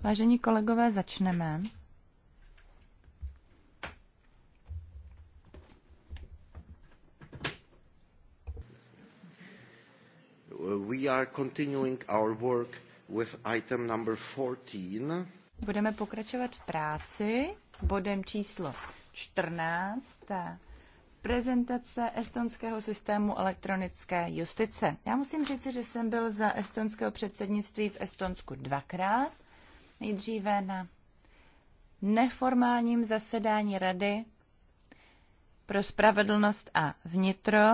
Vážení kolegové, začneme. We are continuing our work with item number 14. Budeme pokračovat v práci bodem číslo 14 prezentace estonského systému elektronické justice. Já musím říct, že jsem byl za estonského předsednictví v Estonsku dvakrát. Nejdříve na neformálním zasedání Rady pro spravedlnost a vnitro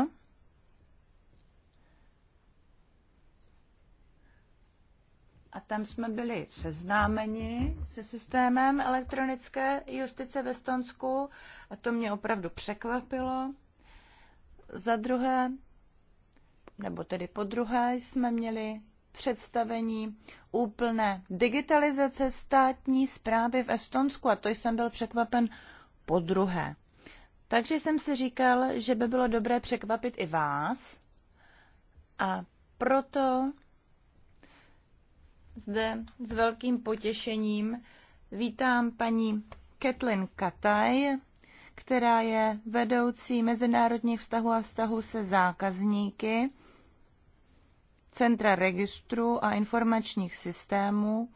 a tam jsme byli seznámeni se systémem elektronické justice ve Stonsku a to mě opravdu překvapilo. Za druhé, nebo tedy po druhé, jsme měli představení úplné digitalizace státní zprávy v Estonsku a to jsem byl překvapen po druhé. Takže jsem si říkal, že by bylo dobré překvapit i vás a proto zde s velkým potěšením vítám paní Kathleen Kataj, která je vedoucí mezinárodních vztahů a vztahů se zákazníky Centra registru a informačních systémů,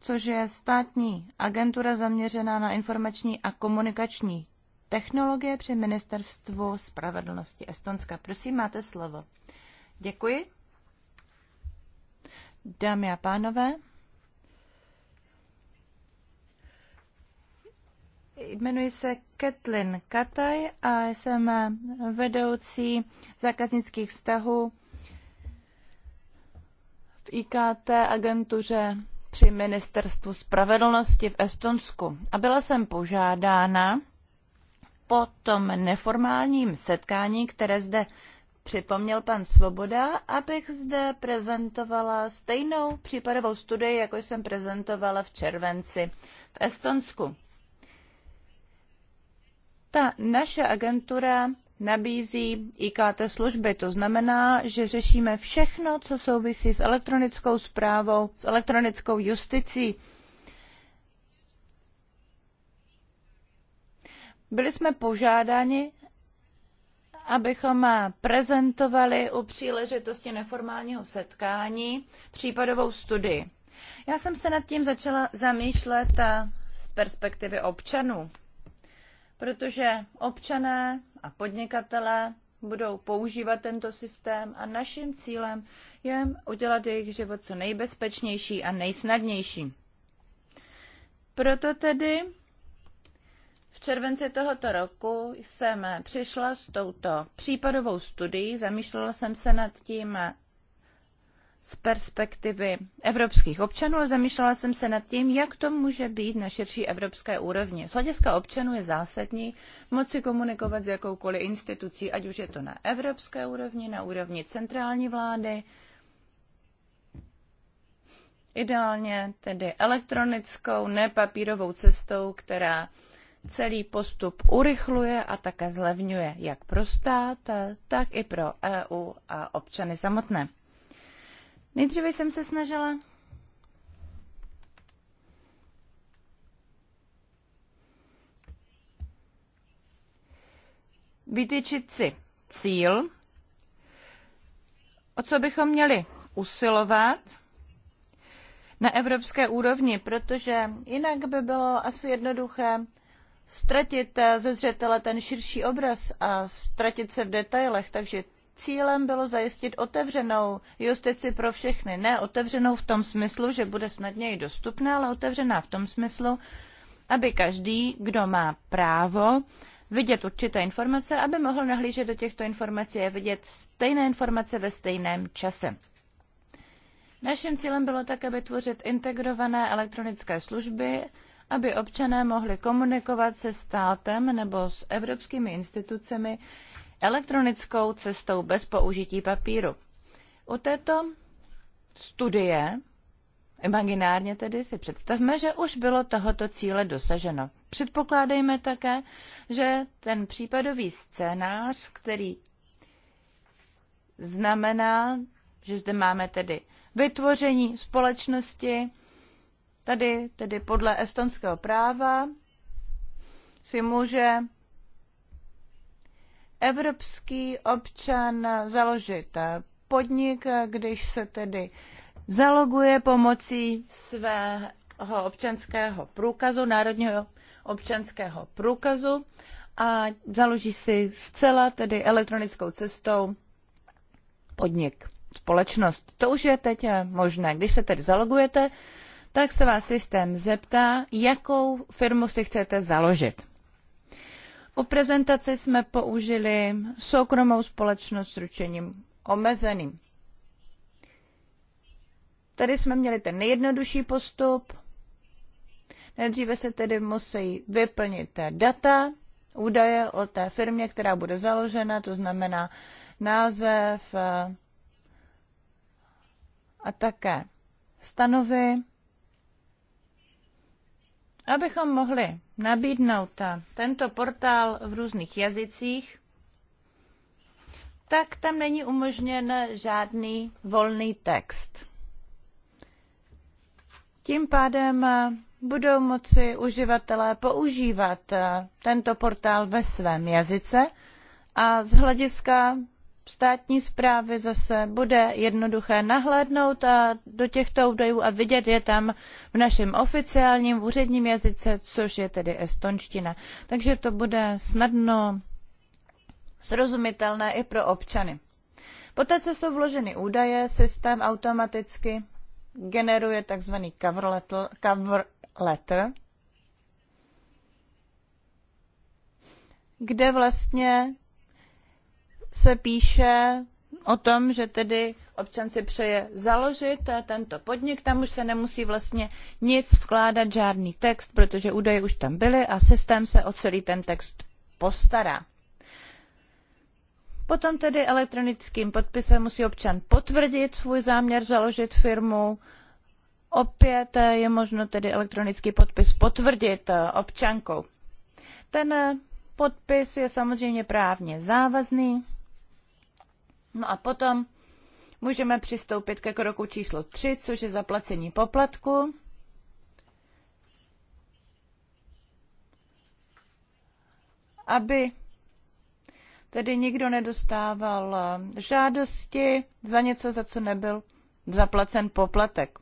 což je státní agentura zaměřená na informační a komunikační technologie při Ministerstvu spravedlnosti Estonska. Prosím, máte slovo. Děkuji. Dámy a pánové, jmenuji se Katlin Kataj a jsem vedoucí zákaznických vztahů v IKT agentuře při Ministerstvu spravedlnosti v Estonsku. A byla jsem požádána po tom neformálním setkání, které zde připomněl pan Svoboda, abych zde prezentovala stejnou případovou studii, jako jsem prezentovala v červenci v Estonsku. Ta naše agentura nabízí IKT služby. To znamená, že řešíme všechno, co souvisí s elektronickou zprávou, s elektronickou justicí. Byli jsme požádáni, abychom prezentovali u příležitosti neformálního setkání případovou studii. Já jsem se nad tím začala zamýšlet z perspektivy občanů, protože občané a podnikatelé budou používat tento systém a naším cílem je udělat jejich život co nejbezpečnější a nejsnadnější. Proto tedy v červenci tohoto roku jsem přišla s touto případovou studií, zamýšlela jsem se nad tím z perspektivy evropských občanů a zamýšlela jsem se nad tím, jak to může být na širší evropské úrovni. Z hlediska občanů je zásadní moci komunikovat s jakoukoliv institucí, ať už je to na evropské úrovni, na úrovni centrální vlády, ideálně tedy elektronickou, nepapírovou cestou, která celý postup urychluje a také zlevňuje jak pro stát, tak i pro EU a občany samotné. Nejdříve jsem se snažila vytyčit si cíl, o co bychom měli usilovat na evropské úrovni, protože jinak by bylo asi jednoduché ztratit eh, ze zřetele ten širší obraz a ztratit se v detailech, takže cílem bylo zajistit otevřenou justici pro všechny. Ne otevřenou v tom smyslu, že bude snadněji dostupná, ale otevřená v tom smyslu, aby každý, kdo má právo vidět určité informace, aby mohl nahlížet do těchto informací a vidět stejné informace ve stejném čase. Naším cílem bylo také vytvořit integrované elektronické služby, aby občané mohli komunikovat se státem nebo s evropskými institucemi elektronickou cestou bez použití papíru. U této studie, imaginárně tedy si představme, že už bylo tohoto cíle dosaženo. Předpokládejme také, že ten případový scénář, který znamená, že zde máme tedy vytvoření společnosti, Tady, tedy podle estonského práva, si může evropský občan založit podnik, když se tedy zaloguje pomocí svého občanského průkazu, národního občanského průkazu a založí si zcela tedy elektronickou cestou podnik, společnost. To už je teď možné. Když se tedy zalogujete, tak se vás systém zeptá, jakou firmu si chcete založit. U prezentace jsme použili soukromou společnost s ručením omezeným. Tady jsme měli ten nejjednodušší postup. Nejdříve se tedy musí vyplnit data, údaje o té firmě, která bude založena, to znamená název eh, a také stanovy Abychom mohli nabídnout tento portál v různých jazycích, tak tam není umožněn žádný volný text. Tím pádem budou moci uživatelé používat tento portál ve svém jazyce a z hlediska státní správy zase bude jednoduché nahlédnout a do těchto údajů a vidět je tam v našem oficiálním úředním jazyce, což je tedy estonština. Takže to bude snadno srozumitelné i pro občany. Poté, co jsou vloženy údaje, systém automaticky generuje tzv. cover cover letter kde vlastně se píše o tom, že tedy občan si přeje založit eh, tento podnik, tam už se nemusí vlastně nic vkládat, žádný text, protože údaje už tam byly a systém se o celý ten text postará. Potom tedy elektronickým podpisem musí občan potvrdit svůj záměr založit firmu. Opět eh, je možno tedy elektronický podpis potvrdit eh, občankou. Ten podpis je samozřejmě právně závazný, No a potom můžeme přistoupit ke kroku číslo 3, což je zaplacení poplatku. Aby tedy nikdo nedostával eh, žádosti za něco, za co nebyl zaplacen poplatek.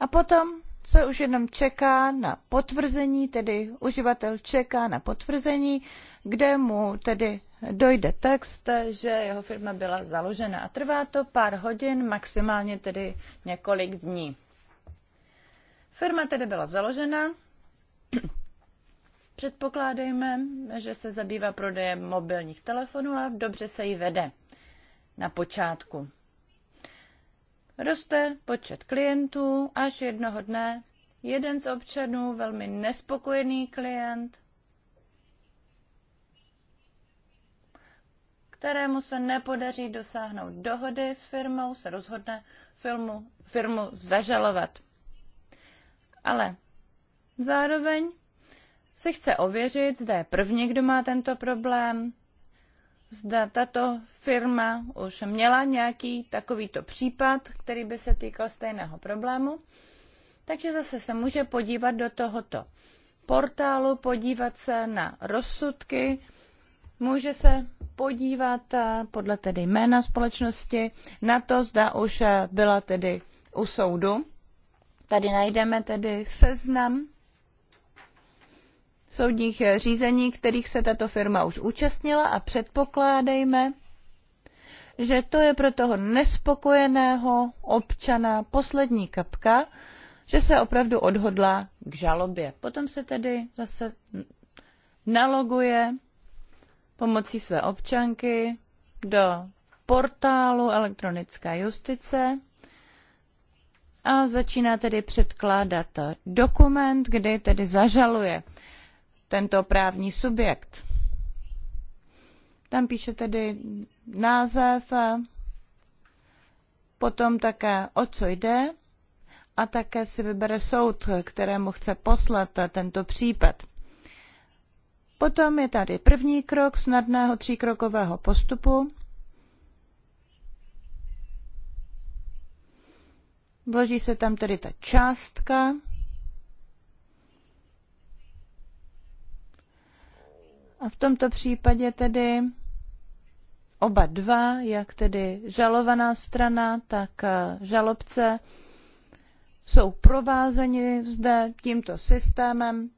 A potom se už jenom čeká na potvrzení, tedy uživatel čeká na potvrzení, kde mu tedy dojde text, že jeho firma byla založena a trvá to pár hodin, maximálně tedy několik dní. Firma tedy byla založena, předpokládejme, že se zabývá prodejem mobilních telefonů a dobře se jí vede na počátku. Roste počet klientů, až jednoho dne jeden z občanů, velmi nespokojený klient, kterému se nepodaří dosáhnout dohody s firmou, se rozhodne firmu, firmu zažalovat. Ale zároveň si chce ověřit, zda je první, kdo má tento problém, zda tato firma už měla nějaký takovýto případ, který by se týkal stejného problému. Takže zase se může podívat do tohoto portálu, podívat se na rozsudky, může se podívat eh, podle tedy jména společnosti na to, zda už eh, byla tedy u soudu. Tady najdeme tedy seznam soudních eh, řízení, kterých se tato firma už účastnila a předpokládejme, že to je pro toho nespokojeného občana poslední kapka, že se opravdu odhodlá k žalobě. Potom se tedy zase naloguje pomocí své občanky do portálu elektronické justice a začíná tedy předkládat dokument, kdy tedy zažaluje tento právní subjekt. Tam píše tedy název, potom také o co jde a také si vybere soud, kterému chce poslat tento případ. Potom je tady první krok snadného tříkrokového postupu. Vloží se tam tedy ta částka. A v tomto případě tedy oba dva, jak tedy žalovaná strana, tak eh, žalobce, jsou provázeni zde tímto systémem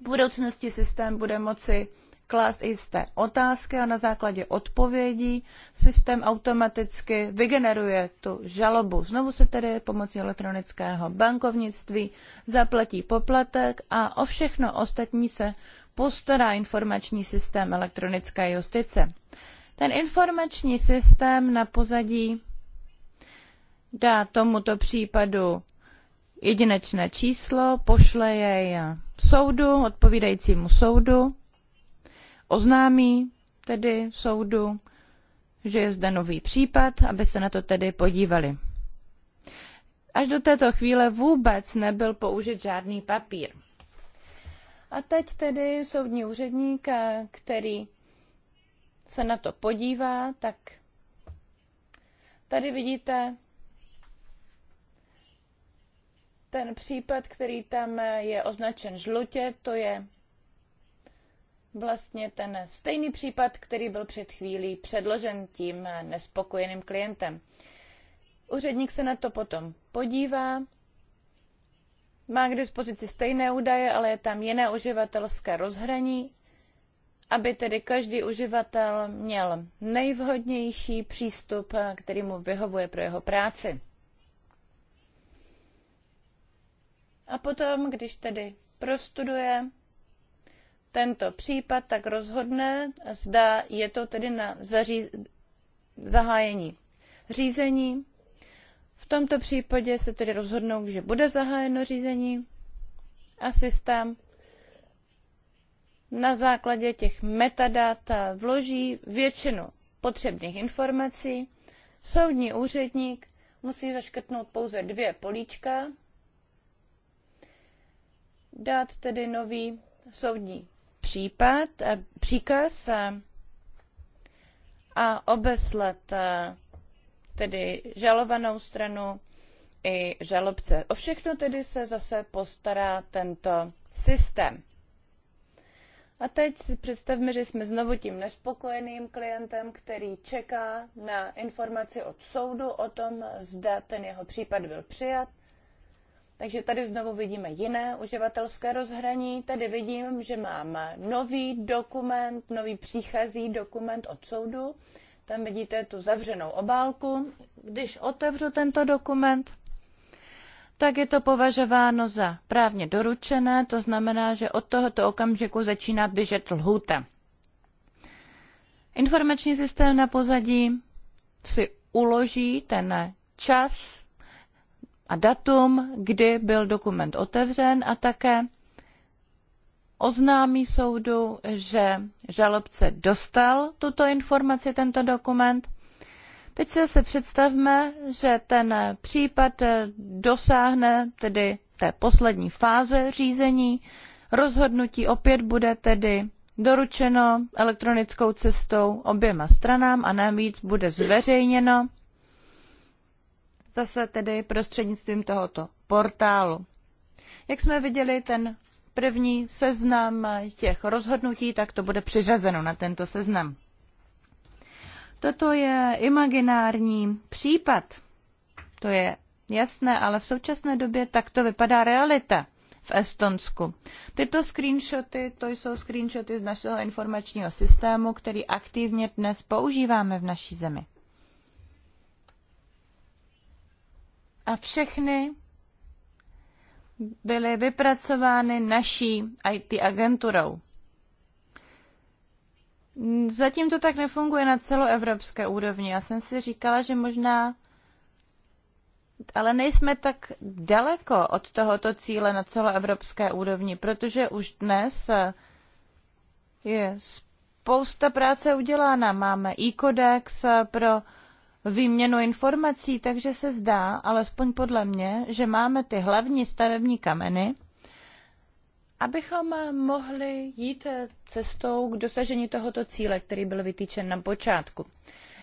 v budoucnosti systém bude moci klást jisté otázky a na základě odpovědí systém automaticky vygeneruje tu žalobu. Znovu se tedy pomocí elektronického bankovnictví zaplatí poplatek a o všechno ostatní se postará informační systém elektronické justice. Ten informační systém na pozadí dá tomuto případu jedinečné číslo, pošle jej soudu, odpovídajícímu soudu, oznámí tedy soudu, že je zde nový případ, aby se na to tedy podívali. Až do této chvíle vůbec nebyl použit žádný papír. A teď tedy soudní úředník, který se na to podívá, tak tady vidíte ten případ, který tam eh, je označen žlutě, to je vlastně ten stejný případ, který byl před chvílí předložen tím eh, nespokojeným klientem. Úředník se na to potom podívá, má k dispozici stejné údaje, ale je tam jiné uživatelské rozhraní, aby tedy každý uživatel měl nejvhodnější přístup, eh, který mu vyhovuje pro jeho práci. A potom, když tedy prostuduje tento případ, tak rozhodne, zda je to tedy na zaří- zahájení řízení. V tomto případě se tedy rozhodnou, že bude zahájeno řízení a systém na základě těch metadat vloží většinu potřebných informací. Soudní úředník musí zaškrtnout pouze dvě políčka, dát tedy nový soudní případ, eh, příkaz eh, a obeslat eh, tedy žalovanou stranu i žalobce. O všechno tedy se zase postará tento systém. A teď si představme, že jsme znovu tím nespokojeným klientem, který čeká na informaci od soudu o tom, zda ten jeho případ byl přijat takže tady znovu vidíme jiné uživatelské rozhraní. Tady vidím, že mám nový dokument, nový příchozí dokument od soudu. Tam vidíte tu zavřenou obálku. Když otevřu tento dokument, tak je to považováno za právně doručené, to znamená, že od tohoto okamžiku začíná běžet lhůta. Informační systém na pozadí si uloží ten čas a datum, kdy byl dokument otevřen a také oznámí soudu, že žalobce dostal tuto informaci, tento dokument. Teď si zase představme, že ten případ dosáhne tedy té poslední fáze řízení. Rozhodnutí opět bude tedy doručeno elektronickou cestou oběma stranám a navíc bude zveřejněno zase tedy prostřednictvím tohoto portálu. Jak jsme viděli, ten první seznam těch rozhodnutí, tak to bude přiřazeno na tento seznam. Toto je imaginární případ. To je jasné, ale v současné době tak to vypadá realita v Estonsku. Tyto screenshoty, to jsou screenshoty z našeho informačního systému, který aktivně dnes používáme v naší zemi. a všechny byly vypracovány naší IT agenturou. Zatím to tak nefunguje na celoevropské úrovni. Já jsem si říkala, že možná, ale nejsme tak daleko od tohoto cíle na celoevropské úrovni, protože už dnes je spousta práce udělána. Máme e-kodex pro výměnu informací, takže se zdá, alespoň podle mě, že máme ty hlavní stavební kameny, abychom mohli jít cestou k dosažení tohoto cíle, který byl vytýčen na počátku.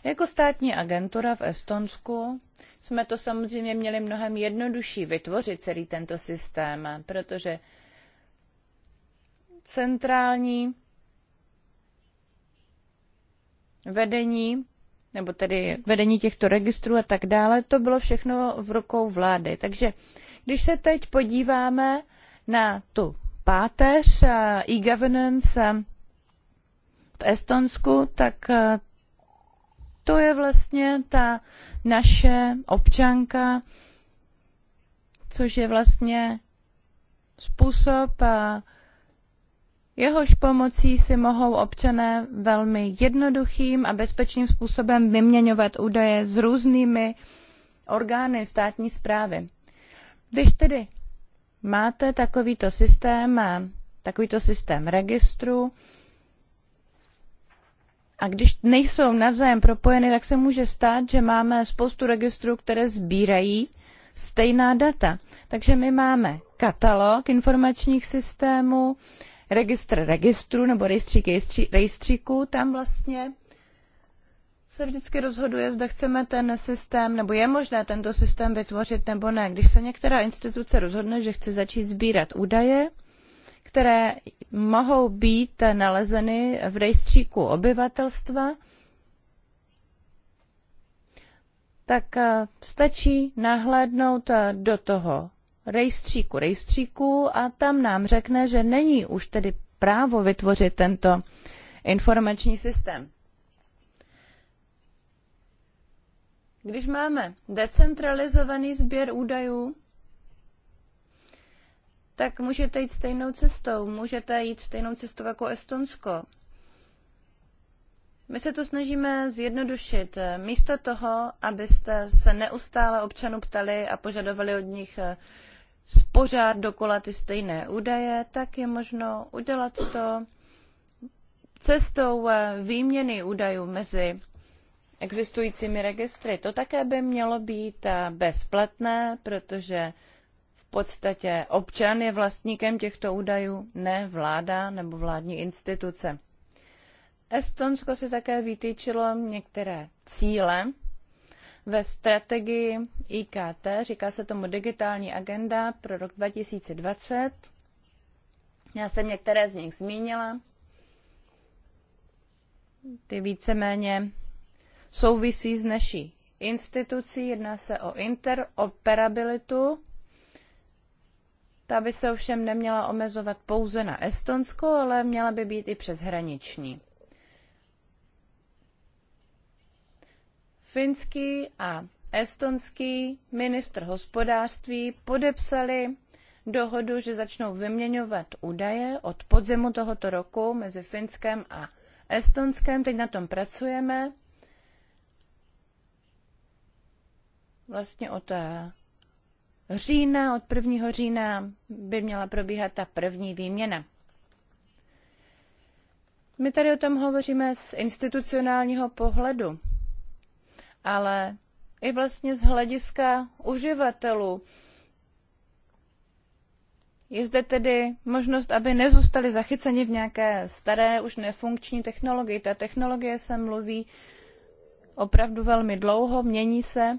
Jako státní agentura v Estonsku jsme to samozřejmě měli mnohem jednodušší vytvořit celý tento systém, protože centrální vedení nebo tedy vedení těchto registrů a tak dále, to bylo všechno v rukou vlády. Takže když se teď podíváme na tu páteř e-governance v Estonsku, tak eh, to je vlastně ta naše občanka, což je vlastně způsob, eh, jehož pomocí si mohou občané velmi jednoduchým a bezpečným způsobem vyměňovat údaje s různými orgány státní správy. Když tedy máte takovýto systém, a takovýto systém registru, a když nejsou navzájem propojeny, tak se může stát, že máme spoustu registrů, které sbírají stejná data. Takže my máme katalog informačních systémů, registr registru nebo rejstřík rejstříků, tam vlastně se vždycky rozhoduje, zda chceme ten systém, nebo je možné tento systém vytvořit nebo ne. Když se některá instituce rozhodne, že chce začít sbírat údaje, které mohou být nalezeny v rejstříku obyvatelstva, tak eh, stačí nahlédnout eh, do toho rejstříku rejstříků a tam nám řekne, že není už tedy právo vytvořit tento informační systém. Když máme decentralizovaný sběr údajů, tak můžete jít stejnou cestou. Můžete jít stejnou cestou jako Estonsko. My se to snažíme zjednodušit. Místo toho, abyste se neustále občanů ptali a požadovali od nich eh, pořád dokola ty stejné údaje, tak je možno udělat to cestou eh, výměny údajů mezi existujícími registry. To také by mělo být eh, bezplatné, protože v podstatě občan je vlastníkem těchto údajů, ne vláda nebo vládní instituce. Estonsko si také vytýčilo některé cíle ve strategii IKT, říká se tomu digitální agenda pro rok 2020. Já jsem některé z nich zmínila. Ty víceméně souvisí s naší institucí, jedná se o interoperabilitu. Ta by se ovšem neměla omezovat pouze na Estonsko, ale měla by být i přeshraniční. finský a estonský ministr hospodářství podepsali dohodu, že začnou vyměňovat údaje od podzimu tohoto roku mezi Finskem a Estonskem. Teď na tom pracujeme. Vlastně od eh, října, od 1. října by měla probíhat ta první výměna. My tady o tom hovoříme z institucionálního pohledu ale i vlastně z hlediska uživatelů. Je zde tedy možnost, aby nezůstali zachyceni v nějaké staré, už nefunkční technologii. Ta technologie se mluví opravdu velmi dlouho, mění se.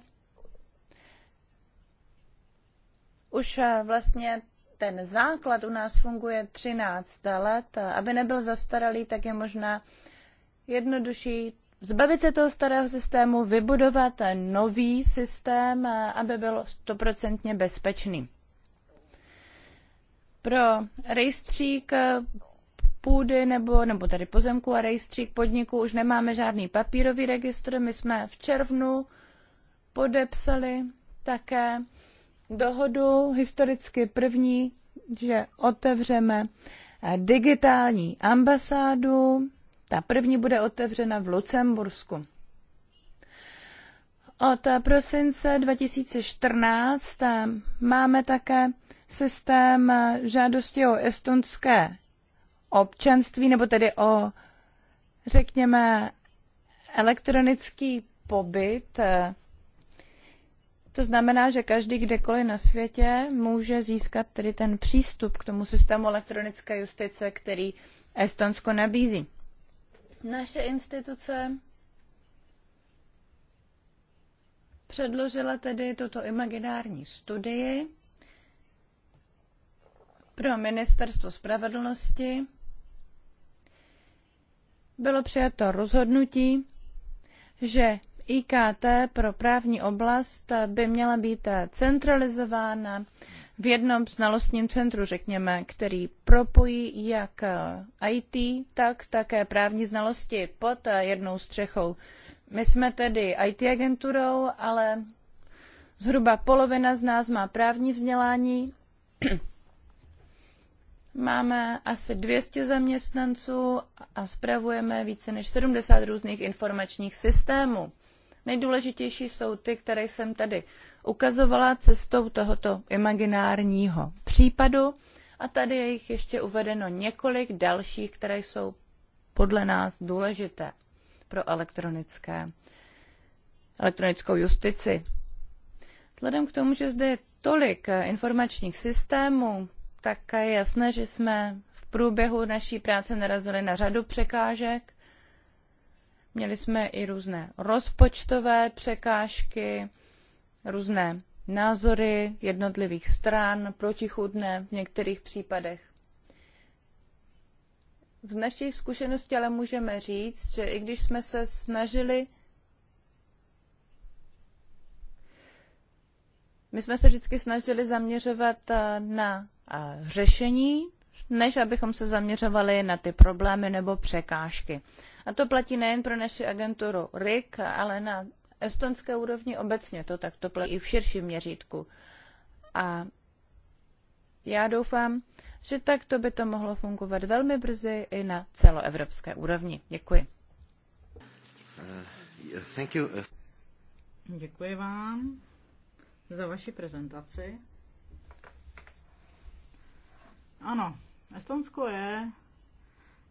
Už eh, vlastně ten základ u nás funguje 13 let. Aby nebyl zastaralý, tak je možná jednodušší zbavit se toho starého systému, vybudovat nový systém, aby byl stoprocentně bezpečný. Pro rejstřík půdy nebo, nebo tady pozemku a rejstřík podniku už nemáme žádný papírový registr. My jsme v červnu podepsali také dohodu, historicky první, že otevřeme digitální ambasádu ta první bude otevřena v Lucembursku. Od prosince 2014 eh, máme také systém eh, žádosti o estonské občanství, nebo tedy o, řekněme, elektronický pobyt. Eh, to znamená, že každý kdekoliv na světě může získat tedy ten přístup k tomu systému elektronické justice, který Estonsko nabízí. Naše instituce předložila tedy tuto imaginární studii pro Ministerstvo spravedlnosti. Bylo přijato rozhodnutí, že IKT pro právní oblast by měla být centralizována v jednom znalostním centru, řekněme, který propojí jak eh, IT, tak také právní znalosti pod eh, jednou střechou. My jsme tedy IT agenturou, ale zhruba polovina z nás má právní vzdělání. Máme asi 200 zaměstnanců a spravujeme více než 70 různých informačních systémů. Nejdůležitější jsou ty, které jsem tady ukazovala cestou tohoto imaginárního případu. A tady je jich ještě uvedeno několik dalších, které jsou podle nás důležité pro elektronické, elektronickou justici. Vzhledem k tomu, že zde je tolik eh, informačních systémů, tak je jasné, že jsme v průběhu naší práce narazili na řadu překážek Měli jsme i různé rozpočtové překážky, různé názory jednotlivých stran, protichudné v některých případech. V našich zkušenosti ale můžeme říct, že i když jsme se snažili My jsme se vždycky snažili zaměřovat eh, na eh, řešení, než abychom se zaměřovali na ty problémy nebo překážky. A to platí nejen pro naši agenturu RIK, ale na estonské úrovni obecně to takto platí i v širším měřítku. A já doufám, že takto by to mohlo fungovat velmi brzy i na celoevropské úrovni. Děkuji. Uh, thank you. Děkuji vám za vaši prezentaci. Ano, Estonsko je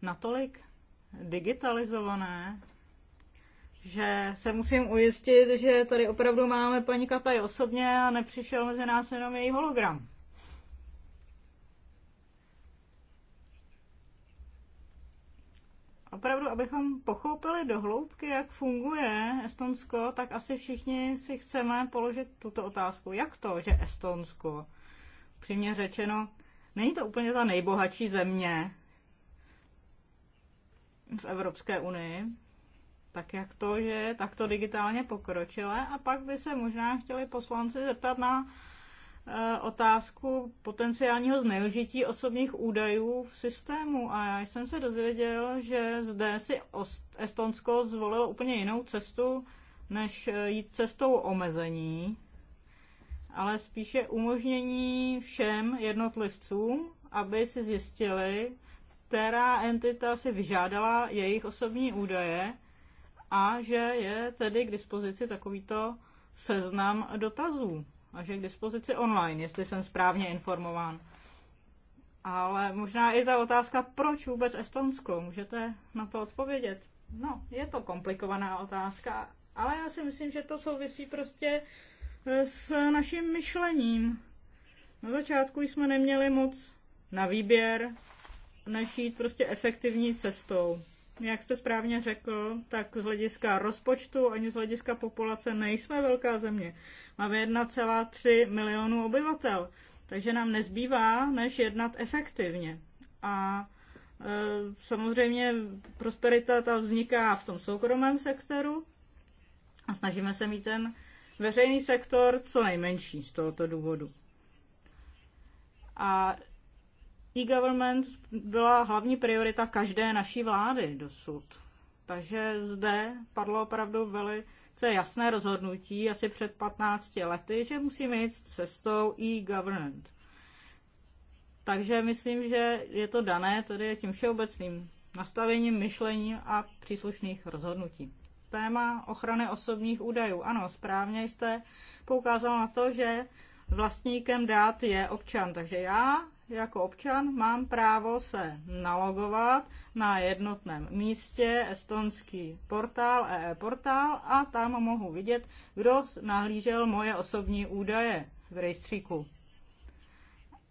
natolik digitalizované, že se musím ujistit, že tady opravdu máme paní Kataj osobně a nepřišel mezi nás jenom její hologram. Opravdu, abychom pochopili do hloubky, jak funguje Estonsko, tak asi všichni si chceme položit tuto otázku. Jak to, že Estonsko, přímě řečeno, není to úplně ta nejbohatší země v Evropské unii, tak jak to, že takto digitálně pokročilé a pak by se možná chtěli poslanci zeptat na e, otázku potenciálního zneužití osobních údajů v systému a já jsem se dozvěděl, že zde si Estonsko zvolilo úplně jinou cestu, než eh, jít cestou omezení, ale spíše umožnění všem jednotlivcům, aby si zjistili, která entita si vyžádala jejich osobní údaje a že je tedy k dispozici takovýto seznam dotazů a že je k dispozici online, jestli jsem správně informován. Ale možná i ta otázka, proč vůbec Estonsko? Můžete na to odpovědět? No, je to komplikovaná otázka, ale já si myslím, že to souvisí prostě eh, s naším myšlením. Na začátku jsme neměli moc na výběr, než jít prostě efektivní cestou. Jak jste správně řekl, tak z hlediska rozpočtu ani z hlediska populace nejsme velká země. Máme 1,3 milionu obyvatel, takže nám nezbývá, než jednat efektivně. A e, samozřejmě prosperita ta vzniká v tom soukromém sektoru a snažíme se mít ten veřejný sektor co nejmenší z tohoto důvodu. A e-government byla hlavní priorita každé naší vlády dosud. Takže zde padlo opravdu velice jasné rozhodnutí asi před 15 lety, že musíme jít cestou e-government. Takže myslím, že je to dané tedy tím všeobecným nastavením, myšlení a příslušných rozhodnutí. Téma ochrany osobních údajů. Ano, správně jste poukázal na to, že vlastníkem dát je občan. Takže já jako občan mám právo se nalogovat na jednotném místě estonský portál, EE e portál a tam mohu vidět, kdo nahlížel moje osobní údaje v rejstříku.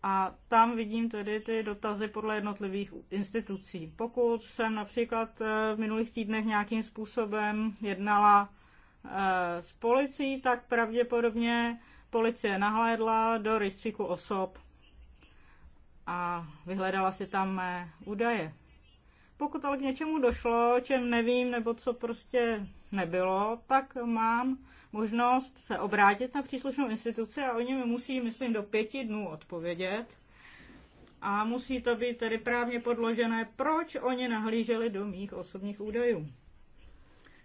A tam vidím tedy ty dotazy podle jednotlivých institucí. Pokud jsem například e, v minulých týdnech nějakým způsobem jednala e, s policií, tak pravděpodobně policie nahlédla do rejstříku osob a vyhledala si tam mé údaje. Pokud ale k něčemu došlo, čem nevím, nebo co prostě nebylo, tak mám možnost se obrátit na příslušnou instituci a oni mi musí, myslím, do pěti dnů odpovědět. A musí to být tedy právně podložené, proč oni nahlíželi do mých osobních údajů.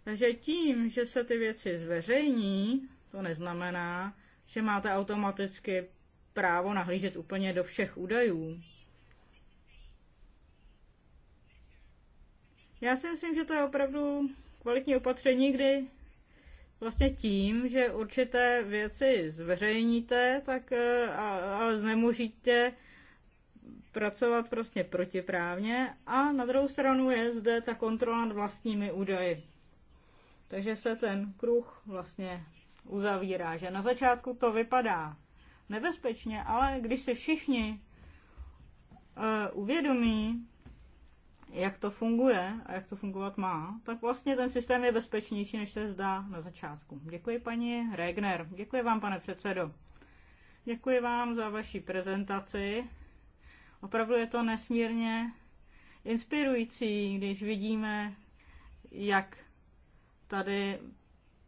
Takže tím, že se ty věci zveřejní, to neznamená, že máte automaticky právo nahlížet úplně do všech údajů. Já si myslím, že to je opravdu kvalitní opatření, kdy vlastně tím, že určité věci zveřejníte, tak eh, ale znemožíte pracovat prostě protiprávně a na druhou stranu je zde ta kontrola nad vlastními údaji. Takže se ten kruh vlastně uzavírá, že na začátku to vypadá nebezpečně, ale když se všichni eh, uvědomí, jak to funguje a jak to fungovat má, tak vlastně ten systém je bezpečnější, než se zdá na začátku. Děkuji paní Regner, děkuji vám pane předsedo. Děkuji vám za vaši prezentaci. Opravdu je to nesmírně inspirující, když vidíme, jak tady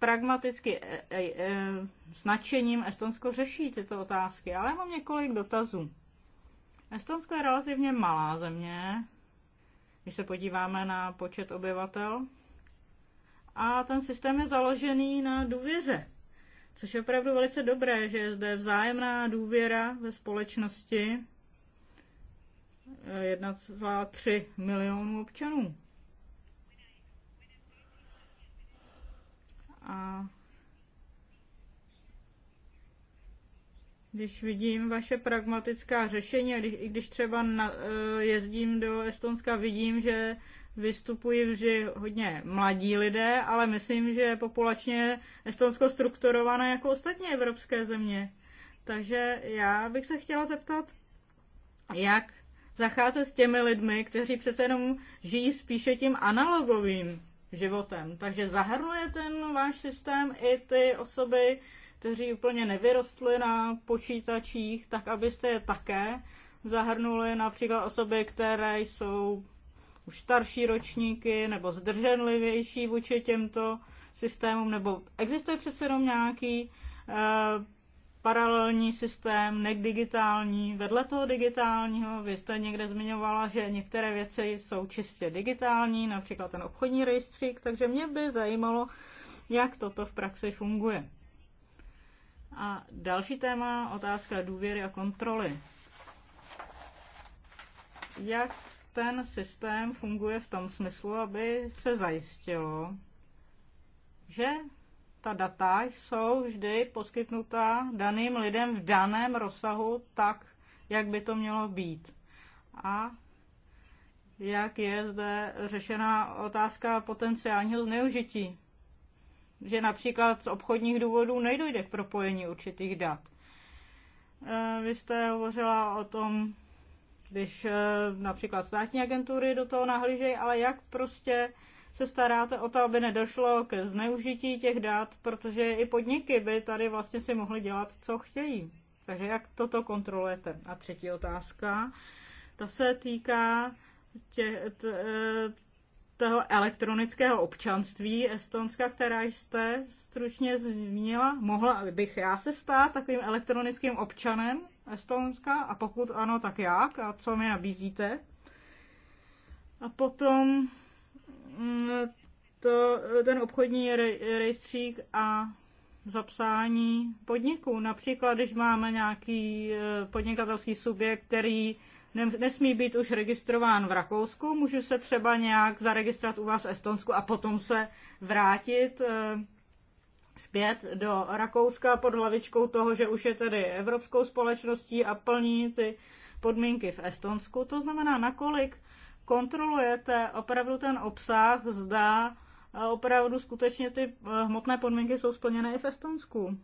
pragmaticky s e, e, e, nadšením Estonsko řeší tyto otázky, ale mám několik dotazů. Estonsko je relativně malá země, když se podíváme na počet obyvatel. A ten systém je založený na důvěře, což je opravdu velice dobré, že je zde vzájemná důvěra ve společnosti 1,3 milionů občanů. A když vidím vaše pragmatická řešení, a když, i když třeba na, eh, jezdím do Estonska, vidím, že vystupují vždy hodně mladí lidé, ale myslím, že je populačně Estonsko strukturované jako ostatní evropské země. Takže já bych se chtěla zeptat, jak zacházet s těmi lidmi, kteří přece jenom žijí spíše tím analogovým životem. Takže zahrnuje ten váš systém i ty osoby, kteří úplně nevyrostly na počítačích, tak abyste je také zahrnuli, například osoby, které jsou už starší ročníky nebo zdrženlivější vůči těmto systémům, nebo existuje přece jenom nějaký eh, paralelní systém, nedigitální, vedle toho digitálního. Vy jste někde zmiňovala, že některé věci jsou čistě digitální, například ten obchodní rejstřík, takže mě by zajímalo, jak toto v praxi funguje. A další téma, otázka důvěry a kontroly. Jak ten systém funguje v tom smyslu, aby se zajistilo, že ta data jsou vždy poskytnuta daným lidem v daném rozsahu tak, jak by to mělo být. A jak je zde řešena otázka potenciálního zneužití. Že například z obchodních důvodů nejdojde k propojení určitých dat. E, vy jste hovořila o tom, když e, například státní agentury do toho nahlížejí, ale jak prostě se staráte o to, aby nedošlo k zneužití těch dat, protože i podniky by tady vlastně si mohly dělat, co chtějí. Takže jak toto kontrolujete? A třetí otázka, ta se týká tě, t, e, toho elektronického občanství Estonska, která jste stručně zmínila. Mohla bych já se stát takovým elektronickým občanem Estonska? A pokud ano, tak jak? A co mi nabízíte? A potom Mm, to, ten obchodní rejstřík a zapsání podniků. Například, když máme nějaký eh, podnikatelský subjekt, který nesmí být už registrován v Rakousku, můžu se třeba nějak zaregistrovat u vás v Estonsku a potom se vrátit eh, zpět do Rakouska pod hlavičkou toho, že už je tedy evropskou společností a plní ty podmínky v Estonsku. To znamená, nakolik kontrolujete opravdu ten obsah, zda eh, opravdu skutečně ty eh, hmotné podmínky jsou splněné i v Estonsku.